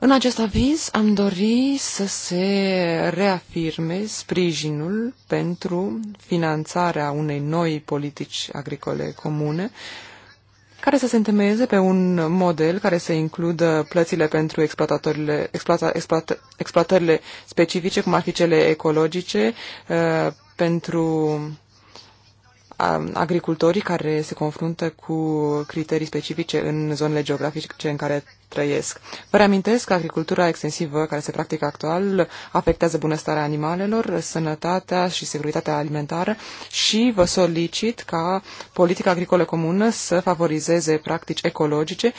În acest aviz am dorit să se reafirme sprijinul pentru finanțarea unei noi politici agricole comune, uh, care să se întemeieze pe un model care să includă plățile pentru exploatările exploata, exploat, specifice, cum ar fi cele ecologice, uh, pentru agricultorii care se confruntă cu criterii specifice în zonele geografice în care trăiesc. Vă reamintesc că agricultura extensivă care se practică actual afectează bunăstarea animalelor, sănătatea și securitatea alimentară și vă solicit ca politica agricolă comună să favorizeze practici ecologice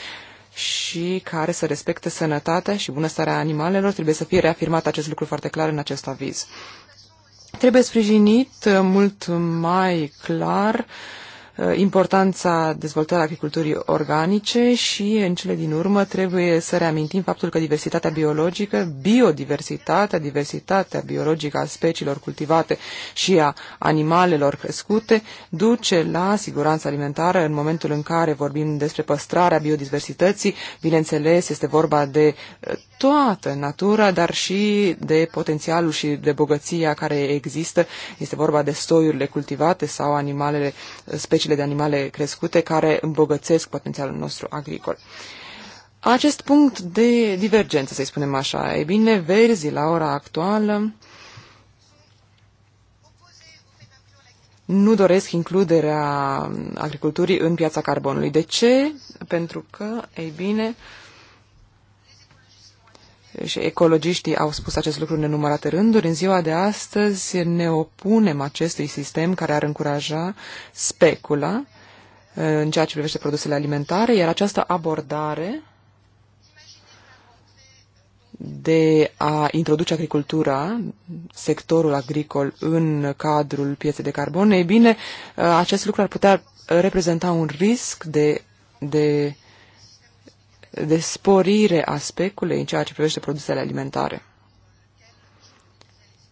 și care să respecte sănătatea și bunăstarea animalelor. Trebuie să fie reafirmat acest lucru foarte clar în acest aviz. Trebuie sprijinit uh, mult mai clar uh, importanța dezvoltării agriculturii organice și, în cele din urmă, trebuie să reamintim faptul că diversitatea biologică, biodiversitatea, diversitatea biologică a speciilor cultivate și a animalelor crescute duce la siguranța alimentară în momentul în care vorbim despre păstrarea biodiversității. Bineînțeles, este vorba de toată natura, dar și de potențialul și de bogăția care există. Este vorba de stoiurile cultivate sau animalele, speciile de animale crescute care îmbogățesc potențialul nostru agricol. Acest punct de divergență, să-i spunem așa, e bine, verzi la ora actuală nu doresc includerea agriculturii în piața carbonului. De ce? Pentru că, ei bine, uh, și ecologiștii au spus acest lucru în nenumărate rânduri, în ziua de astăzi ne opunem acestui sistem care ar încuraja specula uh, în ceea ce privește produsele alimentare, iar această abordare de a introduce agricultura, sectorul agricol, în cadrul pieței de carbon, E bine, uh, acest lucru ar putea reprezenta un risc de, de uh, de sporire a speculei în ceea ce privește produsele alimentare.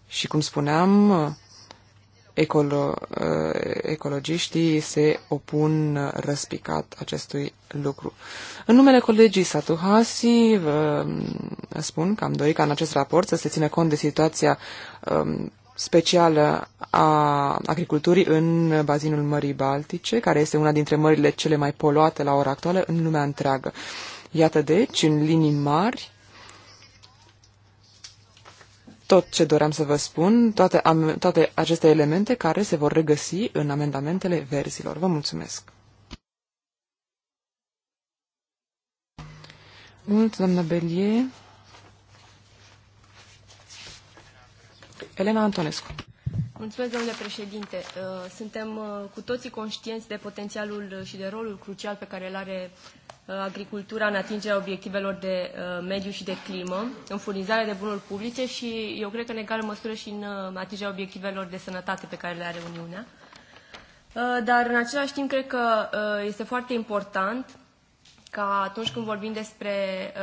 Și cum spuneam, ecolo, eh, ecologiștii se opun răspicat acestui lucru. În numele colegii Satuhasi vă mm, spun că am dorit ca în acest raport să se țină cont de situația mm, specială a agriculturii în bazinul Mării Baltice, care este una dintre mările cele mai poluate la ora actuală în lumea întreagă. Iată deci, în linii mari, tot ce doream să vă spun, toate, am, toate aceste elemente care se vor regăsi în amendamentele verzilor. Vă mulțumesc! Mult, doamna Belie. Elena Antonescu. Mulțumesc, domnule președinte. Uh, suntem uh, cu toții conștienți de potențialul uh, și de rolul crucial pe care îl are agricultura în atingerea obiectivelor de mediu și de climă, în furnizarea de bunuri publice și eu cred că în egală măsură și în atingerea obiectivelor de sănătate pe care le are Uniunea. Dar în același timp cred că este foarte important ca atunci când vorbim despre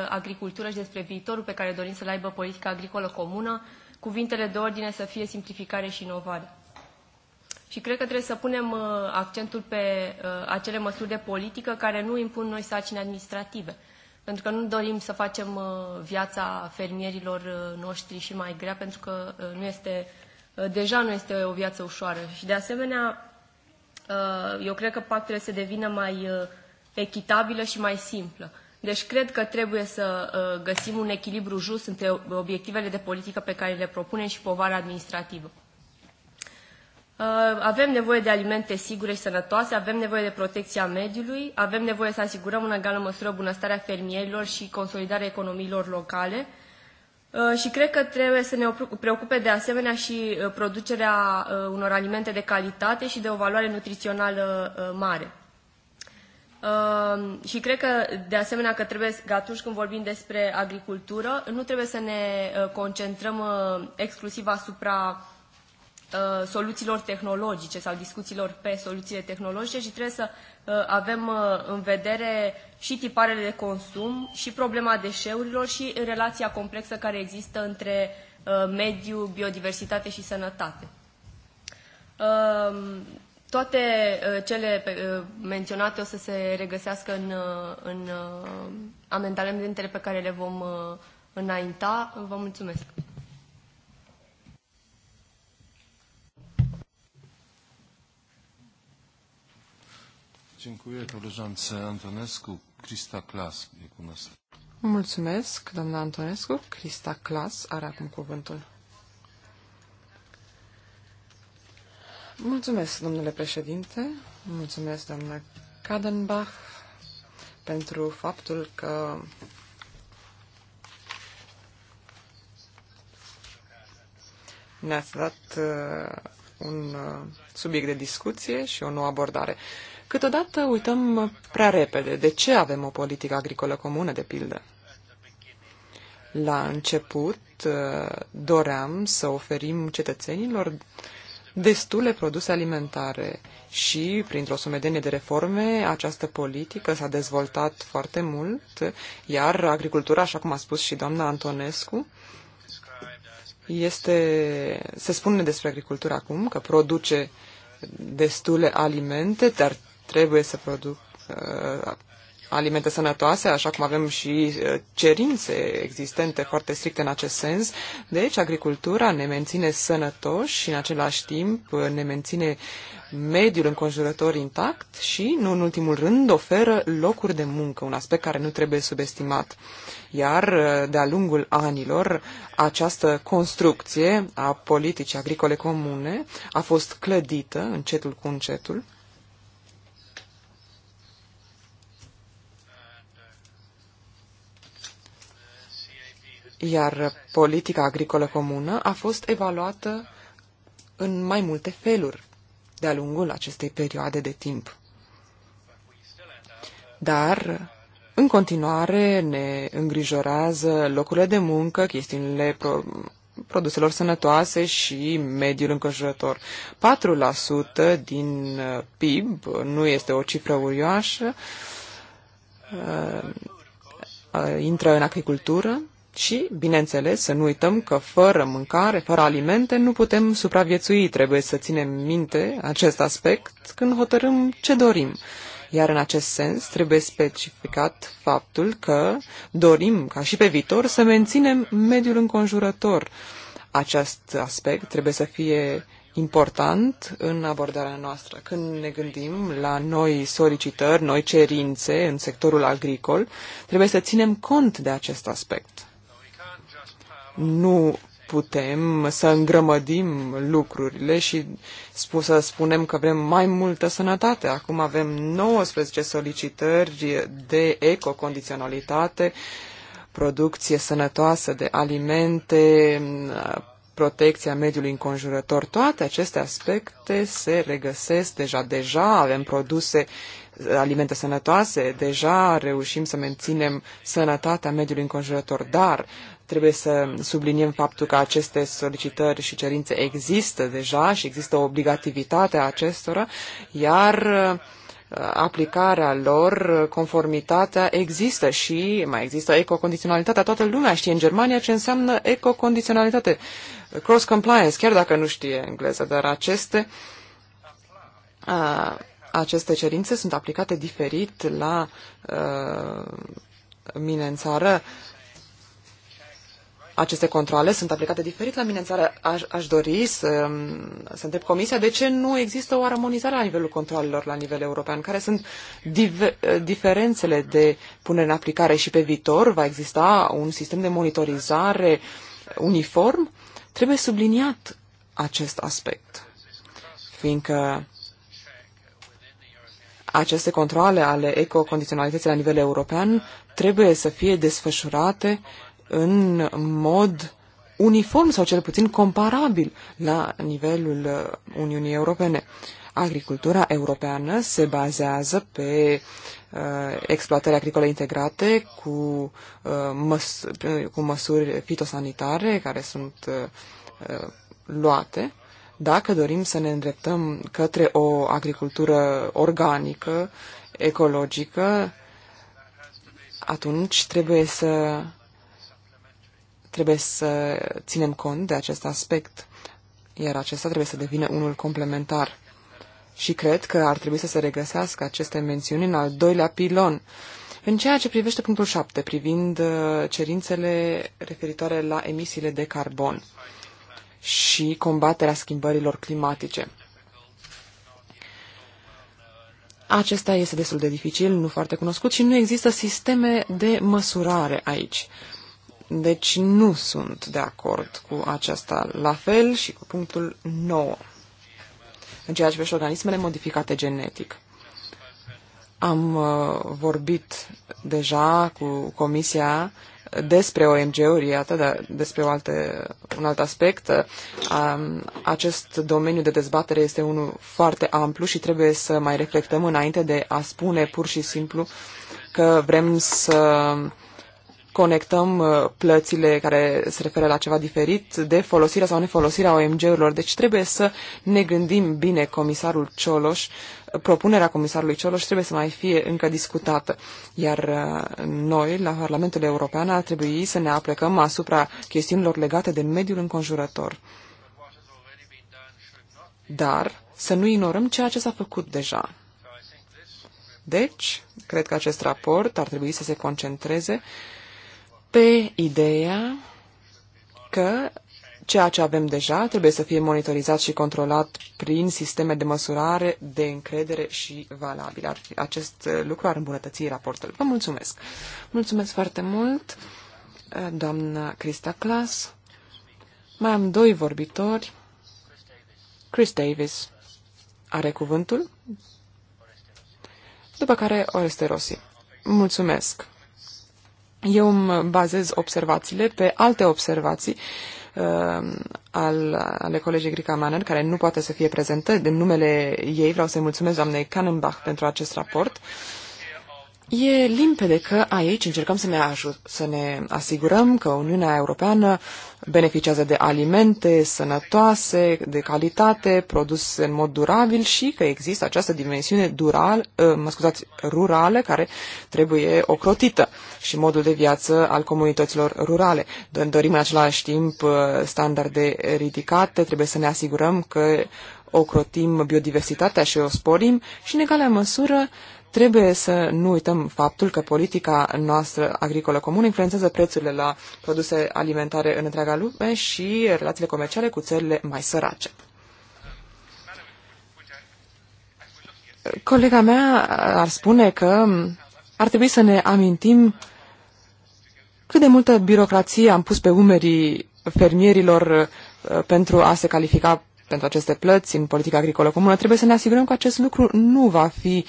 agricultură și despre viitorul pe care dorim să-l aibă politica agricolă comună, cuvintele de ordine să fie simplificare și inovare. Și cred că trebuie să punem uh, accentul pe uh, acele măsuri de politică care nu impun noi sarcini administrative. Pentru că nu dorim să facem uh, viața fermierilor noștri și mai grea, pentru că nu este, deja nu este o viață ușoară. Și de asemenea, eu cred că pactele se devină mai echitabilă și mai simplă. Deci cred că trebuie să uh, găsim un echilibru just între obiectivele de politică pe care le propunem și povara administrativă. Uh, avem nevoie de alimente sigure și sănătoase, avem nevoie de protecția mediului, avem nevoie să asigurăm în egală măsură bunăstarea fermierilor și consolidarea economiilor locale uh, și cred că trebuie să ne preocupe de asemenea și producerea unor alimente de calitate și de o valoare nutrițională mare și cred că, de asemenea, că trebuie, că atunci când vorbim despre agricultură, nu trebuie să ne uh, concentrăm uh, exclusiv asupra uh, soluțiilor tehnologice sau discuțiilor pe soluțiile tehnologice și trebuie să avem în vedere și tiparele de consum, și problema deșeurilor, și relația complexă care există între mediu, biodiversitate și sănătate. Toate uh, cele uh, menționate o să se regăsească în, uh, în amendamentele pe care le vom înainta. Vă mulțumesc. Dziękuję koleżance Antonescu. Krista Klas Mulțumesc, doamna Antonescu. Crista Clas are acum cuvântul. Mulțumesc, domnule președinte, mulțumesc, doamnă Kadenbach, pentru faptul că ne-ați dat uh, un uh, subiect de discuție și o nouă abordare. Câteodată uităm prea repede de ce avem o politică agricolă comună, de pildă. La început uh, doream să oferim cetățenilor destule produse alimentare și, printr-o sumedenie de reforme, această politică s-a dezvoltat foarte mult, iar agricultura, așa cum a spus și doamna Antonescu, este, se spune despre agricultură acum că produce destule alimente, dar trebuie să, produc, uh, alimente sănătoase, așa cum avem și uh, cerințe existente foarte stricte în acest sens. Deci, agricultura ne menține sănătoși și, în același timp, uh, ne menține mediul înconjurător intact și, nu în ultimul rând, oferă locuri de muncă, un aspect care nu trebuie subestimat. Iar, uh, de-a lungul anilor, această construcție a politicii agricole comune a fost clădită încetul cu încetul Iar politica agricolă comună a fost evaluată în mai multe feluri de-a lungul acestei perioade de timp. Dar, în continuare, ne îngrijorează locurile de muncă, chestiunile pro produselor sănătoase și mediul înconjurător. 4% din uh, PIB nu este o cifră urioasă, uh, uh, intră în agricultură, și, bineînțeles, să nu uităm că fără mâncare, fără alimente, nu putem supraviețui. Trebuie să ținem minte acest aspect când hotărâm ce dorim. Iar în acest sens trebuie specificat faptul că dorim ca și pe viitor să menținem mediul înconjurător. Acest aspect trebuie să fie important în abordarea noastră. Când ne gândim la noi solicitări, noi cerințe în sectorul agricol, trebuie să ținem cont de acest aspect nu putem să îngrămădim lucrurile și să spunem că vrem mai multă sănătate. Acum avem 19 solicitări de ecocondiționalitate, producție sănătoasă de alimente, protecția mediului înconjurător. Toate aceste aspecte se regăsesc deja. Deja avem produse alimente sănătoase, deja reușim să menținem sănătatea mediului înconjurător, dar Trebuie să subliniem faptul că aceste solicitări și cerințe există deja și există obligativitatea acestora, iar uh, aplicarea lor, uh, conformitatea există și mai există ecocondiționalitatea. Toată lumea știe în Germania ce înseamnă ecocondiționalitate, cross-compliance, chiar dacă nu știe engleză, dar aceste, a, uh, aceste cerințe sunt aplicate diferit la a, mine în țară aceste controle sunt aplicate diferit la mine în țară. Aș, aș dori să, să întreb Comisia de ce nu există o armonizare la nivelul controlelor la nivel european, care sunt dive, diferențele de punere în aplicare și pe viitor va exista un sistem de monitorizare uniform. Trebuie subliniat acest aspect, fiindcă aceste controle ale ecocondiționalității la nivel european trebuie să fie desfășurate uh, în mod uniform sau cel puțin comparabil la nivelul uh, Uniunii Europene. Agricultura europeană se bazează pe uh, exploatări agricole integrate cu, uh, măs- cu măsuri fitosanitare care sunt uh, uh, luate. Dacă dorim să ne îndreptăm către o agricultură organică, ecologică, atunci trebuie să Trebuie să ținem cont de acest aspect, iar acesta trebuie să devină unul complementar. Și cred că ar trebui să se regăsească aceste mențiuni în al doilea pilon. În ceea ce privește punctul 7, privind uh, cerințele referitoare la emisiile de carbon și combaterea schimbărilor climatice. Acesta este destul de dificil, nu foarte cunoscut și nu există sisteme de măsurare aici. Deci nu sunt de acord cu aceasta. La fel și cu punctul 9, în ceea ce privește organismele modificate genetic. Am uh, vorbit deja cu Comisia despre OMG-uri, iată, dar despre o alte, un alt aspect. Acest domeniu de dezbatere este unul foarte amplu și trebuie să mai reflectăm înainte de a spune pur și simplu că vrem să conectăm uh, plățile care se referă la ceva diferit de folosirea sau nefolosirea OMG-urilor. Deci trebuie să ne gândim bine comisarul Cioloș, uh, propunerea comisarului Cioloș trebuie să mai fie încă discutată. Iar uh, noi, la Parlamentul European, ar trebui să ne aplecăm asupra chestiunilor legate de mediul înconjurător. Dar să nu ignorăm ceea ce s-a făcut deja. Deci, cred că acest raport ar trebui să se concentreze uh, pe ideea că ceea ce avem deja trebuie să fie monitorizat și controlat prin sisteme de măsurare de încredere și valabil. Acest lucru ar îmbunătăți raportul. Vă mulțumesc! Mulțumesc foarte mult, doamna Crista Clas. Mai am doi vorbitori. Chris Davis are cuvântul, după care Oreste Rossi. Mulțumesc! Eu îmi bazez observațiile pe alte observații uh, al, ale colegii Grica Manner, care nu poate să fie prezentă. Din numele ei vreau să-i mulțumesc doamnei Kannenbach pentru acest raport. E limpede că aici încercăm să ne, ajut, să ne asigurăm că Uniunea Europeană beneficiază de alimente sănătoase, de calitate, produse în mod durabil și că există această dimensiune dural, ă, mă scuzați, rurală care trebuie ocrotită și modul de viață al comunităților rurale. Dorim în același timp ă, standarde ridicate, trebuie să ne asigurăm că ocrotim biodiversitatea și o sporim și în egală măsură uh, Trebuie să nu uităm faptul că politica noastră agricolă comună influențează prețurile la produse alimentare în întreaga lume și relațiile comerciale cu țările mai sărace. Colega mea ar spune că ar trebui să ne amintim cât de multă birocrație am pus pe umerii fermierilor uh, pentru a se califica pentru aceste plăți în politica agricolă comună, trebuie să ne asigurăm că acest lucru nu va fi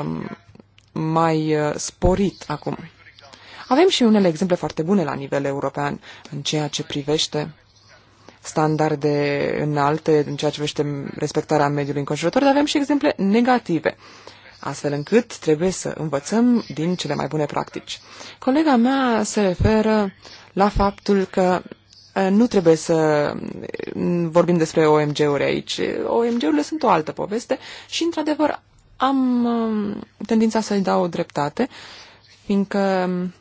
Um, mai uh, sporit acum. Avem și unele exemple foarte bune la nivel european în ceea ce privește standarde înalte, în ceea ce privește respectarea mediului înconjurător, dar avem și exemple negative, astfel încât trebuie să învățăm din cele mai bune practici. Colega mea se referă la faptul că uh, nu trebuie să mm, vorbim despre OMG-uri aici. OMG-urile sunt o altă poveste și, într-adevăr, am um, tendința să-i dau o dreptate, fiindcă um,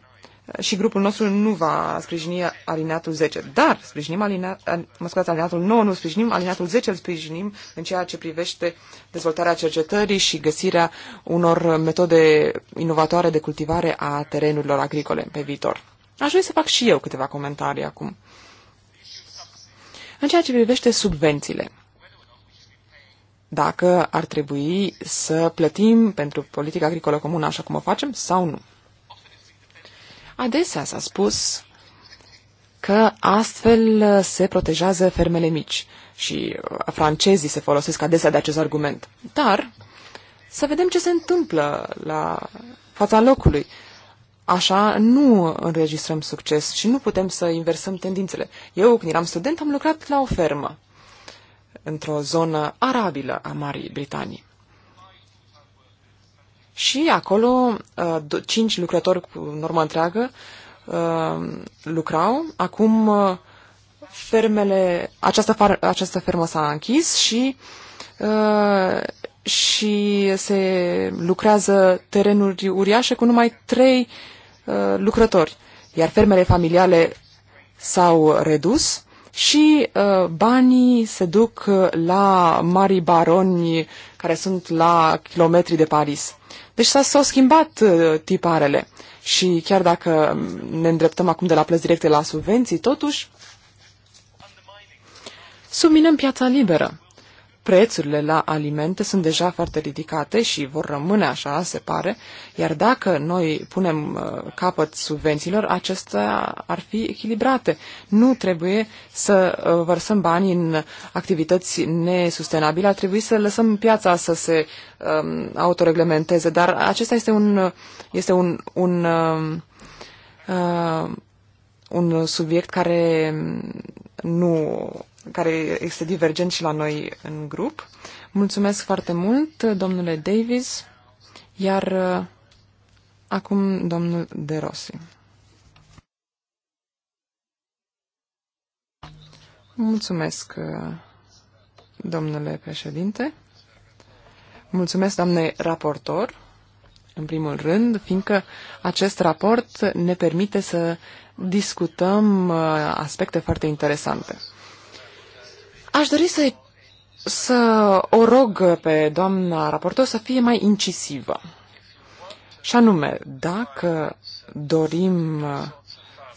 și grupul nostru nu va sprijini alineatul 10, dar sprijinim alinea, mă scuzați, alineatul 9 nu sprijinim, alineatul 10 îl sprijinim în ceea ce privește dezvoltarea cercetării și găsirea unor metode inovatoare de cultivare a terenurilor agricole pe viitor. Aș vrea să fac și eu câteva comentarii acum. În ceea ce privește subvențiile, dacă ar trebui să plătim pentru politica agricolă comună așa cum o facem sau nu. Adesea s-a spus că astfel se protejează fermele mici și francezii se folosesc adesea de acest argument. Dar să vedem ce se întâmplă la fața locului. Așa nu înregistrăm succes și nu putem să inversăm tendințele. Eu, când eram student, am lucrat la o fermă într-o zonă arabilă a Marii Britanii. Și acolo uh, cinci lucrători cu normă întreagă uh, lucrau. Acum uh, fermele, această, far, această fermă s-a închis și, și se lucrează terenuri uriașe cu numai trei lucrători. Iar fermele familiale s-au redus și uh, banii se duc uh, la mari baroni care sunt la kilometri de Paris. Deci s-au schimbat uh, tiparele și chiar dacă um, ne îndreptăm acum de la plăți directe la subvenții, totuși subminăm piața liberă prețurile la alimente sunt deja foarte ridicate și vor rămâne așa, se pare, iar dacă noi punem uh, capăt subvențiilor, acestea ar fi echilibrate. Nu trebuie să uh, vărsăm bani în activități nesustenabile, ar trebui să lăsăm piața să se um, autoreglementeze, dar acesta este un, este un, un, um, un subiect care nu care este divergent și la noi în grup. Mulțumesc foarte mult, domnule Davis, iar uh, acum domnul De Rossi. Mulțumesc, uh, domnule președinte. Mulțumesc, doamne raportor, în primul rând, fiindcă acest raport ne permite să discutăm uh, aspecte foarte interesante. Aș dori să, să o rog pe doamna raportor să fie mai incisivă. Și anume, dacă dorim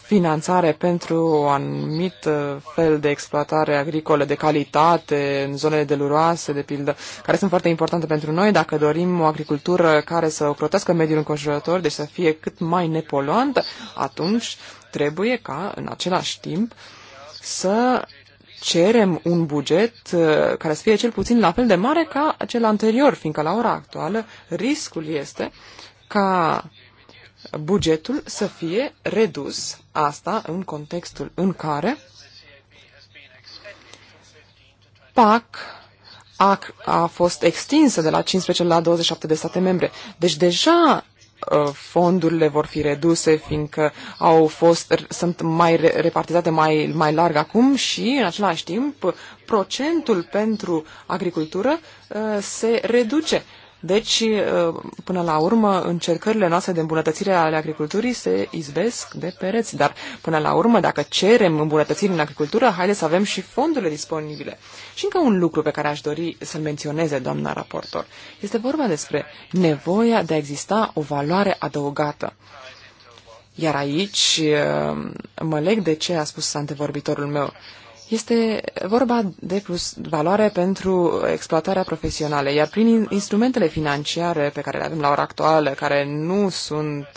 finanțare pentru un anumit fel de exploatare agricolă de calitate în zonele deluroase, de pildă, care sunt foarte importante pentru noi, dacă dorim o agricultură care să ocrotească mediul înconjurător, deci să fie cât mai nepoluantă, atunci trebuie ca, în același timp, să cerem un buget uh, care să fie cel puțin la fel de mare ca cel anterior, fiindcă la ora actuală riscul este ca bugetul să fie redus, asta în contextul în care PAC a, a fost extinsă de la 15 la 27 de state membre. Deci deja Uh, fondurile vor fi reduse, fiindcă au fost, sunt mai repartizate mai, mai larg acum și, în același timp, procentul pentru agricultură uh, se reduce deci, uh, până la urmă, încercările noastre de îmbunătățire ale agriculturii se izbesc de pereți. Dar, până la urmă, dacă cerem îmbunătățiri în agricultură, haideți să avem și fondurile disponibile. Și încă un lucru pe care aș dori să-l menționeze, doamna raportor. Este vorba despre nevoia de a exista o valoare adăugată. Iar aici uh, mă leg de ce a spus antevorbitorul meu. Este vorba de plus valoare pentru exploatarea profesională, iar prin instrumentele financiare pe care le avem la ora actuală, care nu sunt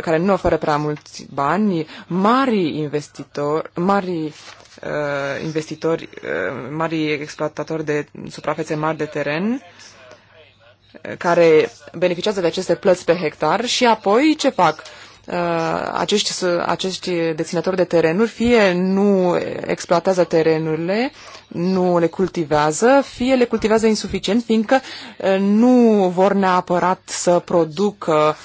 care nu oferă prea mulți bani, mari investitori, mari uh, investitori, uh, mari exploatatori de suprafețe mari de teren uh, care beneficiază de aceste plăți pe hectar și apoi ce fac? Uh, Uh, acești, acești deținători de terenuri fie nu exploatează terenurile, nu le cultivează, fie le cultivează insuficient, fiindcă uh, nu vor neapărat să producă,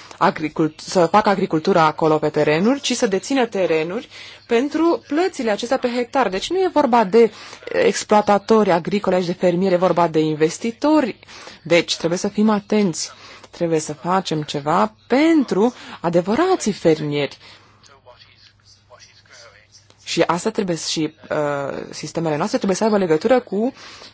să facă agricultura acolo pe terenuri, ci să dețină terenuri pentru plățile acestea pe hectar. Deci nu e vorba de exploatatori agricole și de fermieri, e vorba de investitori. Deci trebuie să fim atenți Trebuie să facem ceva pentru adevărații fermieri. Și asta trebuie și uh, sistemele noastre trebuie să aibă legătură cu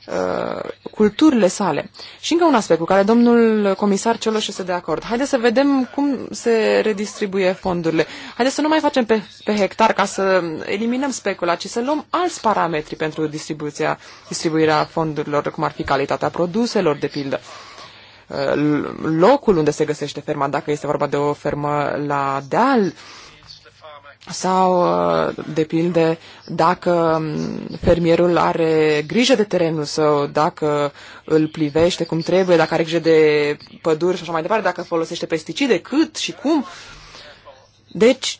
uh, culturile sale. Și încă un aspect cu care domnul comisar Cioloș este de acord. Haideți să vedem cum se redistribuie fondurile. Haideți să nu mai facem pe, pe hectar ca să eliminăm specula, ci să luăm alți parametri pentru distribuția, distribuirea fondurilor, cum ar fi calitatea produselor, de pildă. Uh, locul unde se găsește ferma, dacă este vorba de o fermă la deal sau, uh, de pildă, dacă um, fermierul are grijă de terenul său, dacă îl plivește cum trebuie, dacă are grijă de păduri și așa mai departe, dacă folosește pesticide, cât și cum. Deci,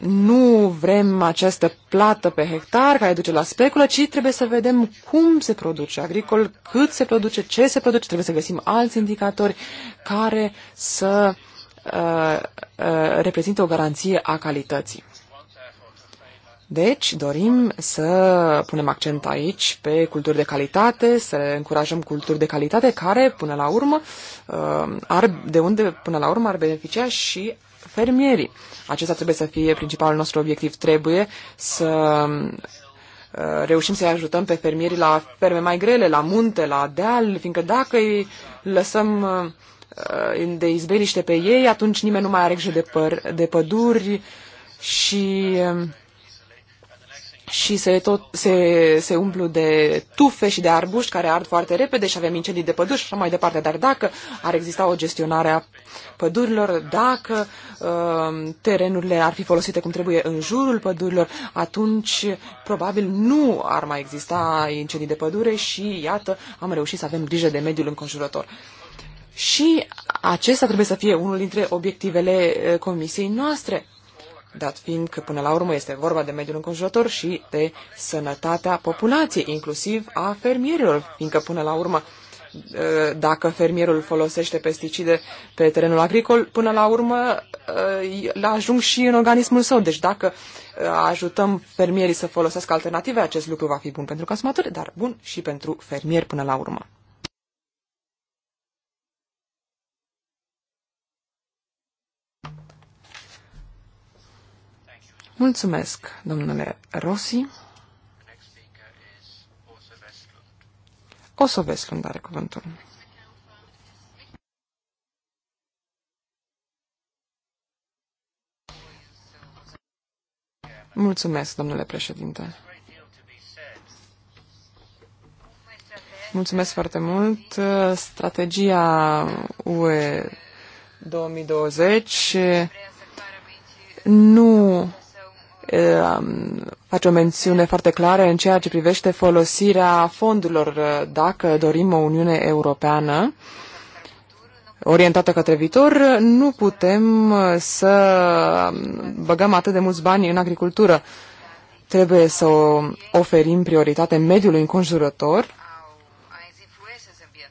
nu vrem această plată pe hectar care duce la speculă, ci trebuie să vedem cum se produce agricol, cât se produce, ce se produce. Trebuie să găsim alți indicatori care să uh, uh, reprezintă o garanție a calității. Deci, dorim să punem accent aici pe culturi de calitate, să încurajăm culturi de calitate care, până la urmă, uh, ar, de unde până la urmă ar beneficia și fermierii. Acesta trebuie să fie principalul nostru obiectiv. Trebuie să uh, reușim să-i ajutăm pe fermierii la ferme mai grele, la munte, la deal, fiindcă dacă îi lăsăm uh, uh, de izbeliște pe ei, atunci nimeni nu mai are grijă de, păr- de păduri și um, și se, tot, se, se umplu de tufe și de arbuști care ard foarte repede și avem incendii de păduri și așa mai departe. Dar dacă ar exista o gestionare a pădurilor, dacă uh, terenurile ar fi folosite cum trebuie în jurul pădurilor, atunci probabil nu ar mai exista incendii de pădure și iată, am reușit să avem grijă de mediul înconjurător. Și acesta trebuie să fie unul dintre obiectivele uh, comisiei noastre dat fiind că până la urmă este vorba de mediul înconjurător și de sănătatea populației, inclusiv a fermierilor, fiindcă până la urmă ă, dacă fermierul folosește pesticide pe terenul agricol, până la urmă ă, le ajung și în organismul său. Deci dacă ă, ajutăm fermierii să folosească alternative, acest lucru va fi bun pentru consumatori, dar bun și pentru fermieri până la urmă. Mulțumesc, domnule Rossi. O să vezi când are cuvântul. Mulțumesc, domnule președinte. Mulțumesc foarte mult. Strategia UE 2020 nu face o mențiune foarte clară în ceea ce privește folosirea fondurilor. Uh, dacă dorim o Uniune Europeană orientată către viitor, nu putem uh, să um, băgăm atât de mulți bani în agricultură. Trebuie să oferim prioritate mediului înconjurător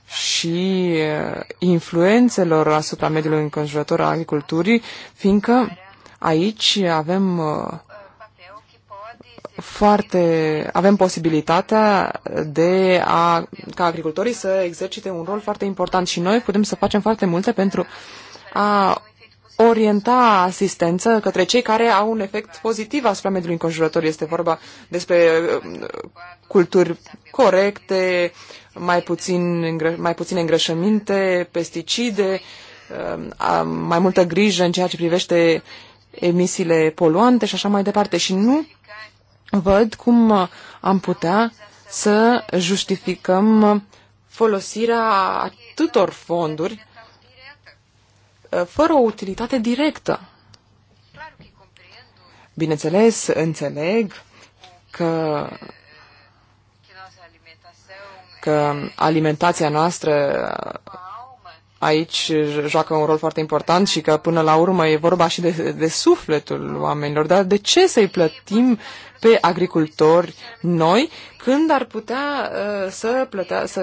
și uh, influențelor asupra mediului înconjurător a agriculturii, fiindcă aici avem foarte, avem posibilitatea de a, ca agricultorii să exercite un rol foarte important și noi putem să facem foarte multe pentru a orienta asistență către cei care au un efect pozitiv asupra mediului înconjurător. Este vorba despre um, culturi corecte, mai, puțin, mai puține îngrășăminte, pesticide, um, mai multă grijă în ceea ce privește emisiile poluante și așa mai departe. Și nu văd cum uh, am putea să justificăm uh, folosirea atâtor fonduri uh, fără o utilitate directă. Bineînțeles, înțeleg că, că alimentația noastră aici joacă un rol foarte important și că până la urmă e vorba și de, de sufletul oamenilor. Dar de ce să-i plătim pe agricultori noi când ar putea uh, să, plătea, să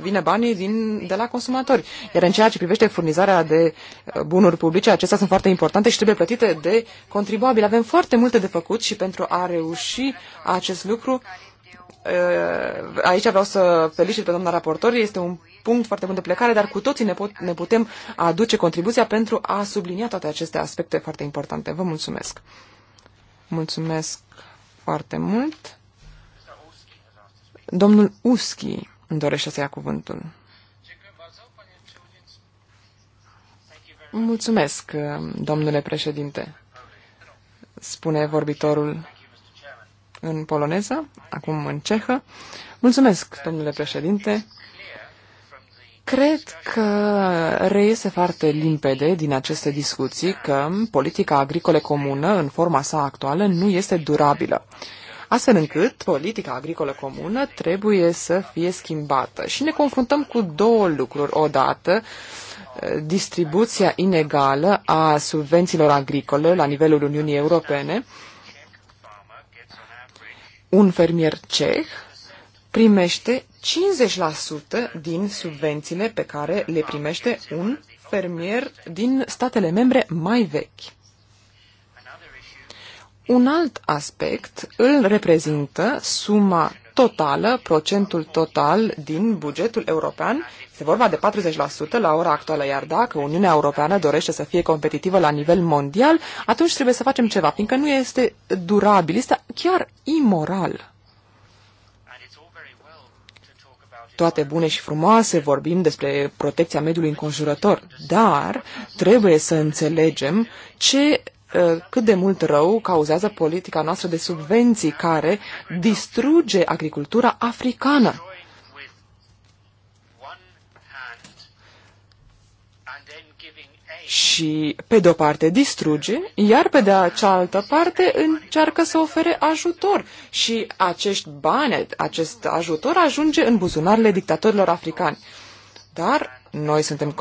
vină banii din, de la consumatori? Iar în ceea ce privește furnizarea de uh, bunuri publice, acestea sunt foarte importante și trebuie plătite de contribuabili. Avem foarte multe de făcut și pentru a reuși acest lucru Eh, aici vreau să felicit pe doamna raportor, este un punct foarte bun de plecare, dar cu toții ne, pot, ne putem aduce contribuția pentru a sublinia toate aceste aspecte foarte importante. Vă mulțumesc! Mulțumesc foarte mult! Domnul Uschi îmi dorește să ia cuvântul. Mulțumesc, domnule președinte, spune vorbitorul în poloneză, acum în cehă. Mulțumesc, domnule președinte. Cred că reiese foarte limpede din aceste discuții că politica agricolă comună, în forma sa actuală, nu este durabilă astfel încât politica agricolă comună trebuie să fie schimbată. Și ne confruntăm cu două lucruri. Odată, distribuția inegală a subvențiilor agricole la nivelul Uniunii Europene, un fermier ceh primește 50% din subvențiile pe care le primește un fermier din statele membre mai vechi. Un alt aspect îl reprezintă suma totală, procentul total din bugetul european este vorba de 40% la ora actuală, iar dacă Uniunea Europeană dorește să fie competitivă la nivel mondial, atunci trebuie să facem ceva, fiindcă nu este durabil, este chiar imoral. Toate bune și frumoase vorbim despre protecția mediului înconjurător, dar trebuie să înțelegem ce ă, cât de mult rău cauzează politica noastră de subvenții care distruge agricultura africană. și, pe de o parte, distruge, iar pe de cealaltă parte încearcă să ofere ajutor. Și acești bani, acest ajutor ajunge în buzunarele dictatorilor africani. Dar noi suntem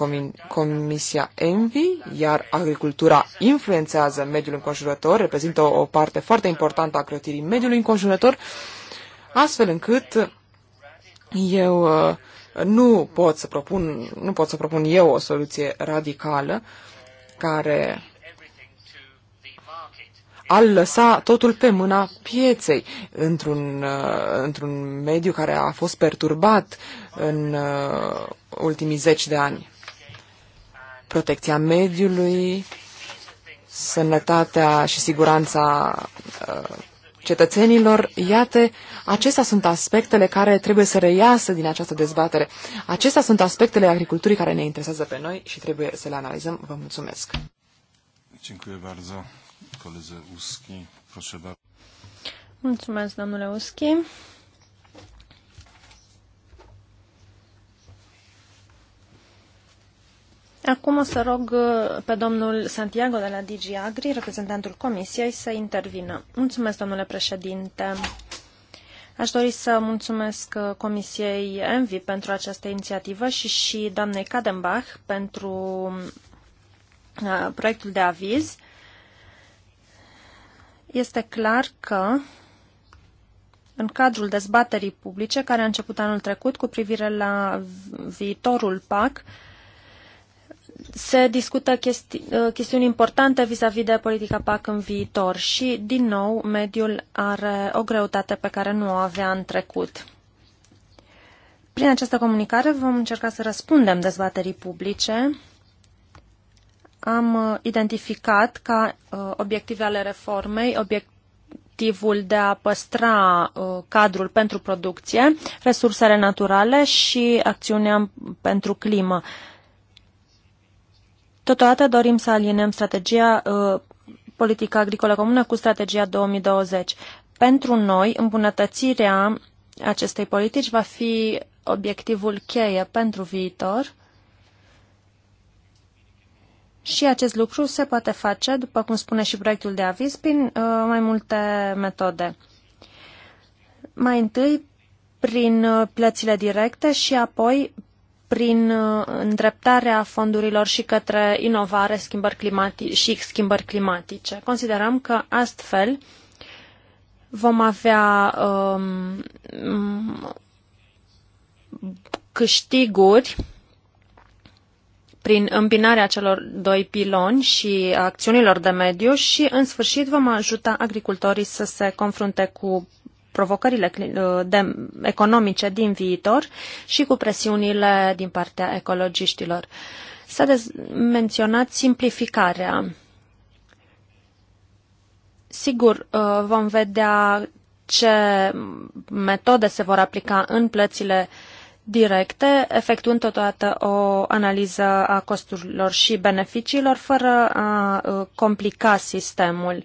Comisia Envi, iar agricultura influențează mediul înconjurător, reprezintă o, o parte foarte importantă a clătirii mediului înconjurător, astfel încât eu uh, nu pot să propun, nu pot să propun eu o soluție radicală care a lăsa totul pe mâna pieței într-un, uh, într-un mediu care a fost perturbat în uh, ultimii zeci de ani. Protecția mediului, sănătatea și siguranța uh, cetățenilor, iată, acestea sunt aspectele care trebuie să reiasă din această dezbatere. Acestea sunt aspectele agriculturii care ne interesează pe noi și trebuie să le analizăm. Vă mulțumesc. Mulțumesc, domnule Uschi. Acum o să rog uh, pe domnul Santiago de la DG Agri, reprezentantul Comisiei, să intervină. Mulțumesc, domnule președinte. Aș dori să mulțumesc uh, Comisiei Envi pentru această inițiativă și și doamnei Kadenbach pentru uh, proiectul de aviz. Este clar că în cadrul dezbaterii publice care a început anul trecut cu privire la viitorul PAC, se discută chesti uh, chestiuni importante vis-a-vis de politica PAC în viitor și, din nou, mediul are o greutate pe care nu o avea în trecut. Prin această comunicare vom încerca să răspundem dezbaterii publice. Am uh, identificat ca uh, obiective ale reformei obiect obiectivul de a păstra cadrul pentru producție, resursele naturale și acțiunea pentru climă. Totodată dorim să alinăm strategia uh, politică agricolă comună cu strategia 2020. Pentru noi, îmbunătățirea acestei politici va fi obiectivul cheie pentru viitor și acest lucru se poate face, după cum spune și proiectul de aviz, prin uh, mai multe metode. Mai întâi, prin uh, plățile directe și apoi prin uh, îndreptarea fondurilor și către inovare schimbări climatice și schimbări climatice. Considerăm că astfel vom avea um, câștiguri prin îmbinarea celor doi piloni și acțiunilor de mediu și, în sfârșit, vom ajuta agricultorii să se confrunte cu provocările de, economice din viitor și cu presiunile din partea ecologiștilor. S-a menționat simplificarea. Sigur, uh, vom vedea ce metode se vor aplica în plățile directe, efectuând totodată o analiză a costurilor și beneficiilor, fără a uh, complica sistemul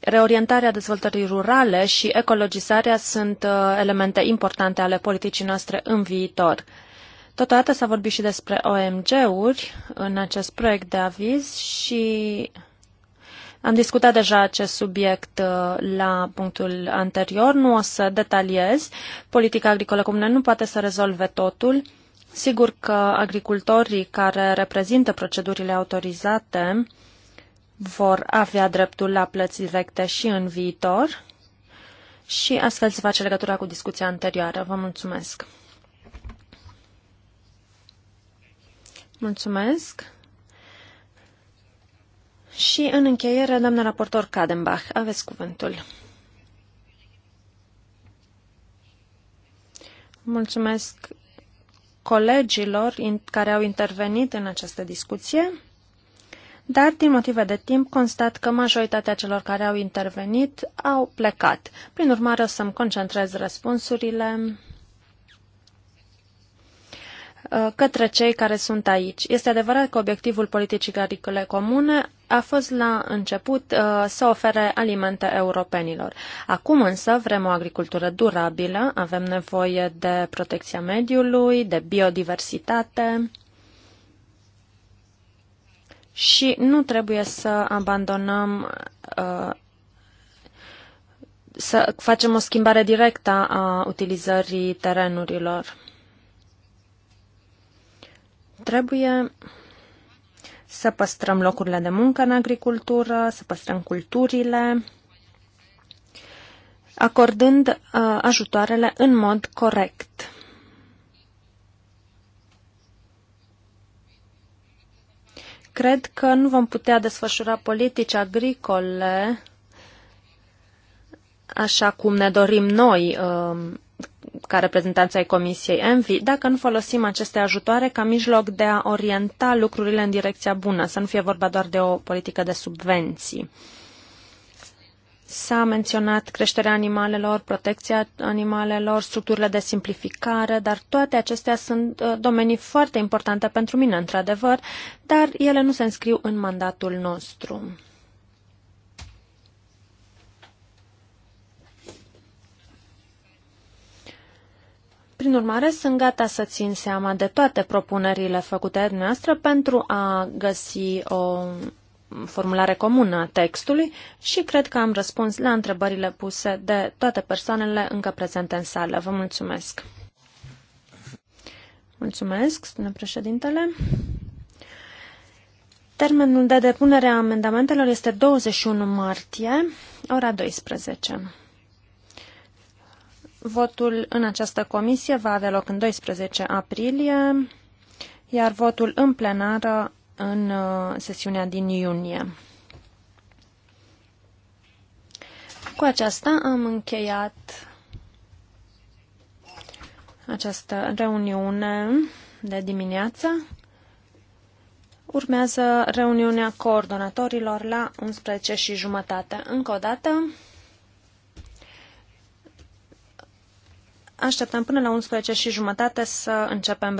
reorientarea dezvoltării rurale și ecologizarea sunt uh, elemente importante ale politicii noastre în viitor. Totodată s-a vorbit și despre OMG-uri în acest proiect de aviz și am discutat deja acest subiect uh, la punctul anterior, nu o să detaliez. Politica agricolă comună nu poate să rezolve totul. Sigur că agricultorii care reprezintă procedurile autorizate vor avea dreptul la plăți directe și în viitor și astfel se face legătura cu discuția anterioară. Vă mulțumesc! Mulțumesc! Și în încheiere, doamna raportor Kadenbach, aveți cuvântul. Mulțumesc colegilor care au intervenit în această discuție dar din motive de timp constat că majoritatea celor care au intervenit au plecat. Prin urmare, o să-mi concentrez răspunsurile uh, către cei care sunt aici. Este adevărat că obiectivul politicii agricole comune a fost la început uh, să ofere alimente europenilor. Acum însă vrem o agricultură durabilă, avem nevoie de protecția mediului, de biodiversitate și nu trebuie să abandonăm uh, să facem o schimbare directă a utilizării terenurilor. Trebuie să păstrăm locurile de muncă în agricultură, să păstrăm culturile, acordând uh, ajutoarele în mod corect. cred că nu vom putea desfășura politici agricole așa cum ne dorim noi um, ca reprezentanța ai Comisiei Envi, dacă nu folosim aceste ajutoare ca mijloc de a orienta lucrurile în direcția bună, să nu fie vorba doar de o politică de subvenții. S-a menționat creșterea animalelor, protecția animalelor, structurile de simplificare, dar toate acestea sunt uh, domenii foarte importante pentru mine, într-adevăr, dar ele nu se înscriu în mandatul nostru. Prin urmare, sunt gata să țin seama de toate propunerile făcute de noastră pentru a găsi o, formulare comună a textului și cred că am răspuns la întrebările puse de toate persoanele încă prezente în sală. Vă mulțumesc! Mulțumesc, spune președintele. Termenul de depunere a amendamentelor este 21 martie, ora 12. Votul în această comisie va avea loc în 12 aprilie, iar votul în plenară în uh, sesiunea din iunie. Cu aceasta am încheiat această reuniune de dimineață. Urmează reuniunea coordonatorilor la 11 și jumătate. Încă o dată, așteptăm până la 11 și jumătate să începem